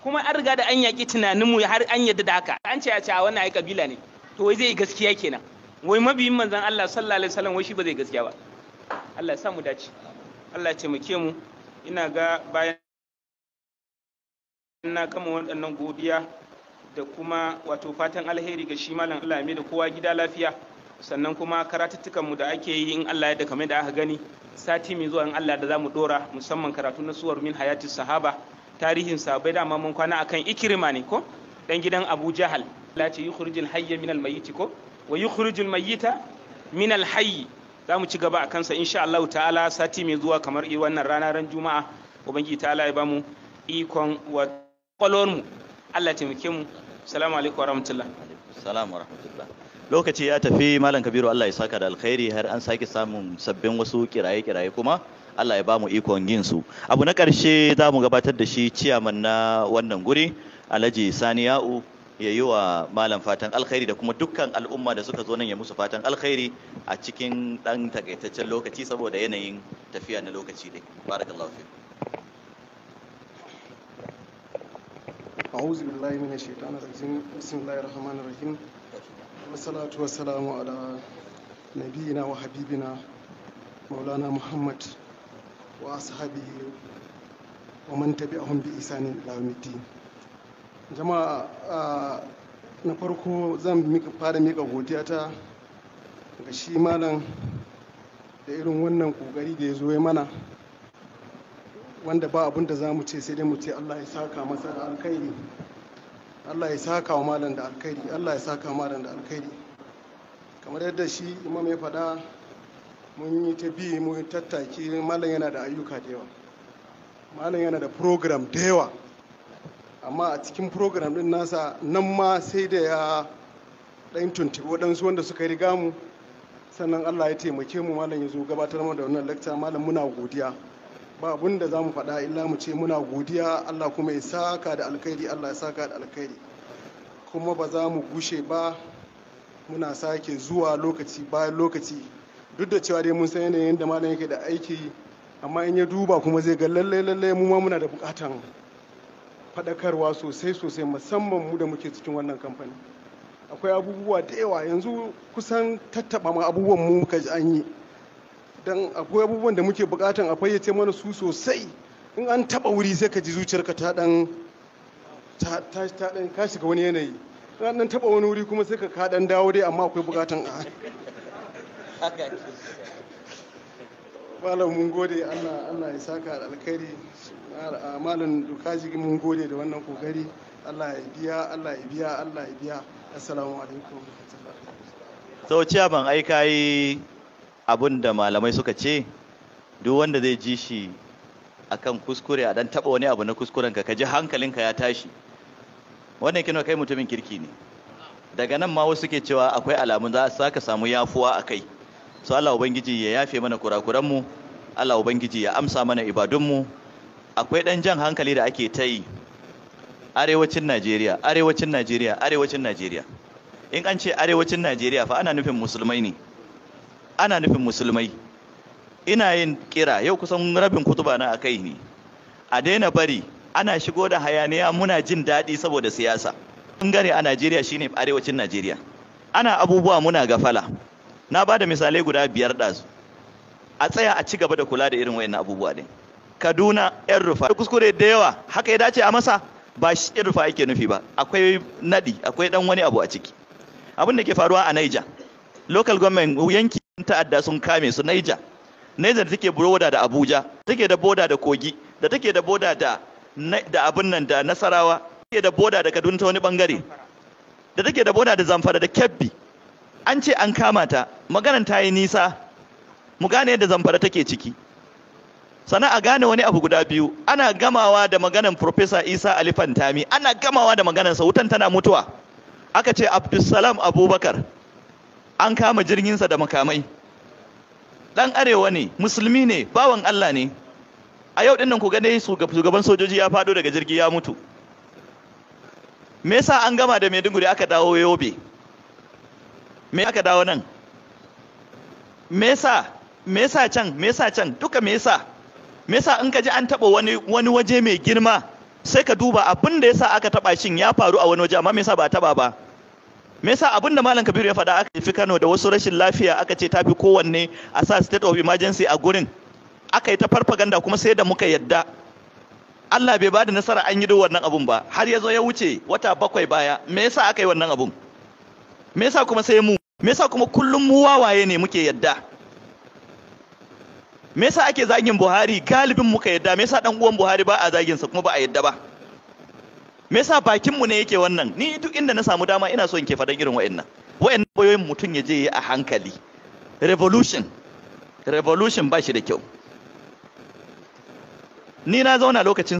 kuma an riga da an yaƙi tunaninmu har an yadda da haka an ce a ce wannan ai kabila ne to wai zai gaskiya kenan wai mabiyin manzon Allah sallallahu alaihi wasallam wai shi ba zai gaskiya ba Allah ya samu dace Allah ya taimake mu ina ga bayan na kama waɗannan godiya da kuma wato fatan alheri ga shi malam Allah mai da kowa gida lafiya sannan kuma karatuttukan mu da ake yi in Allah ya da kamar da aka gani sati mai zuwa in Allah da zamu dora musamman karatu na suwar min hayati sahaba tarihin sahabbai da mun kwana akan ikrima ne ko dan gidan Abu Jahal la ce yukhrijul hayya min al mayyit ko wa yukhrijul mayyita min al hayy zamu ci gaba akan sa insha Allah ta'ala sati mai zuwa kamar i wannan rana ran juma'a ubangiji ta'ala ya bamu ikon wa kwalon mu Allah taimake mu Salamu alaikum warahmatullah. wa rahmatullah. Lokaci ya tafi Malam Kabiru Allah ya saka da alkhairi har an sake samun sabbin wasu kiraye-kiraye kuma Allah ya bamu ikon yin su. Abu na ƙarshe za mu gabatar da shi ciyaman na wannan guri Alhaji Sani Ya'u ya yi wa malam fatan alkhairi da kuma dukkan al'umma da suka zo nan ya musu fatan alkhairi a cikin ɗan takaitaccen lokaci saboda yanayin tafiya na lokaci ne. Barakallahu fiik. أعوذ بالله من الشيطان الرجيم بسم الله الرحمن الرحيم والصلاة والسلام على نبينا وحبيبنا مولانا محمد وأصحابه ومن تبعهم بإحسان إلى يوم الدين جماعة na farko zan fara mika godiyata ga shi malam da irin wannan kokari da ya zo ya mana wanda ba abin da za mu ce sai dai mu ce Allah ya saka masa da alkhairi Allah ya saka wa malam da alkhairi Allah ya saka malam da alkhairi kamar yadda shi imam ya faɗa mun yi ta bi mun tattaki malam yana da ayyuka da yawa malam yana da program da yawa amma a cikin program din nasa nan ma sai da ya ɗan tuntuɓi waɗansu wanda suka riga mu sannan Allah ya taimake mu malam ya zo gabatar mana da wannan lecture malam muna godiya ba abun da za mu faɗa illa mu ce muna godiya allah kuma ya saka da alkhairi allah ya saka da alkhairi kuma ba za mu gushe ba muna sake zuwa lokaci bayan lokaci duk da cewa dai mun san yanayin da malam yake da aiki amma in ya duba kuma zai ga lalle lalle mu ma muna da bukatan faɗakarwa sosai sosai musamman mu da muke cikin wannan kamfani akwai abubuwa da yawa yanzu kusan tattaɓa ma abubuwan mu muka an yi don akwai abubuwan da muke bukatan a fayyace mana su sosai in an taba wuri sai ka ji zuciyarka ta dan ta dan ka shiga wani yanayi in an taba wani wuri kuma sai ka ka dan dawo dai amma akwai bukatan a malam mun gode Allah Allah ya saka da alkhairi malam dukaji mun gode da wannan kokari Allah ya biya Allah ya biya Allah ya biya assalamu alaikum to ciya ban aika yi abin da malamai suka ce duk wanda zai ji shi akan kuskure a dan taba wani abu na kuskuren ka ji hankalinka ya tashi wannan kino kai mutumin kirki ne daga nan ma wasu ke cewa akwai alamun za su saka samu yafuwa a kai so Allah ubangiji ya yafe mana kurakuran mu Allah ubangiji ya amsa mana ibadun mu akwai dan jan hankali da ake ta yi arewacin Najeriya arewacin Najeriya arewacin Najeriya in an ce arewacin Najeriya fa ana nufin musulmai ne ana nufin musulmai ina yin kira yau kusan rabin kutuba na akai ne a daina bari ana shigo da hayaniya muna jin daɗi saboda siyasa gare a Najeriya shine arewacin Najeriya ana abubuwa muna gafala na ba misalai guda biyar ɗazu a tsaya a ci gaba da kula da irin wayannan abubuwa din Kaduna yan rufa kuskure da yawa haka ya dace a masa ba shi yan rufa yake nufi ba akwai nadi akwai dan wani abu a ciki abin da ke faruwa a Niger local government yanki ta'adda sun kame su Niger. Niger da take boda da Abuja take da boda da Kogi da take da boda da da abin nan da Nasarawa take da boda da Kaduna ta wani bangare da take da boda da Zamfara da Kebbi an ce an kama ta maganan ta yi nisa mu gane yadda Zamfara take ciki sannan a gane wani abu guda biyu ana gamawa da maganan Profesa Isa Ali Fantami ana gamawa da maganan wutan tana mutuwa aka ce Abdulsalam Abubakar an kama jirginsa da makamai ɗan arewa ne musulmi ne bawan Allah ne a yau ɗinnan ku gane shugaban sojoji ya fado daga jirgi ya mutu me yasa an gama da maiduguri aka dawo yobe me aka dawo nan me yasa me yasa can me yasa can duka me yasa me yasa in ka ji an taɓa wani wani waje mai girma sai ka duba abin da yasa aka taɓa shin ya faru a wani waje amma me yasa ba a taɓa ba me yasa abin da malam kabiru ya faɗa aka fi kano da wasu rashin lafiya aka ce ta fi kowanne a sa state of emergency a gurin aka yi ta farfaganda kuma sai da muka yadda allah bai ba da nasara an yi duk wannan abun ba har ya zo ya wuce wata bakwai baya me yasa aka yi wannan abun me yasa kuma sai mu me yasa kuma kullum mu wawaye ne muke yadda me yasa ake zagin buhari galibin muka yadda me yasa dan uwan buhari ba a zagin sa kuma ba a yadda ba me yasa bakin mu ne yake wannan ni duk inda na samu dama ina so in ke fadan irin wa'annan wa'annan boyoyin mutum ya je a hankali revolution revolution ba shi da kyau ni na zauna lokacin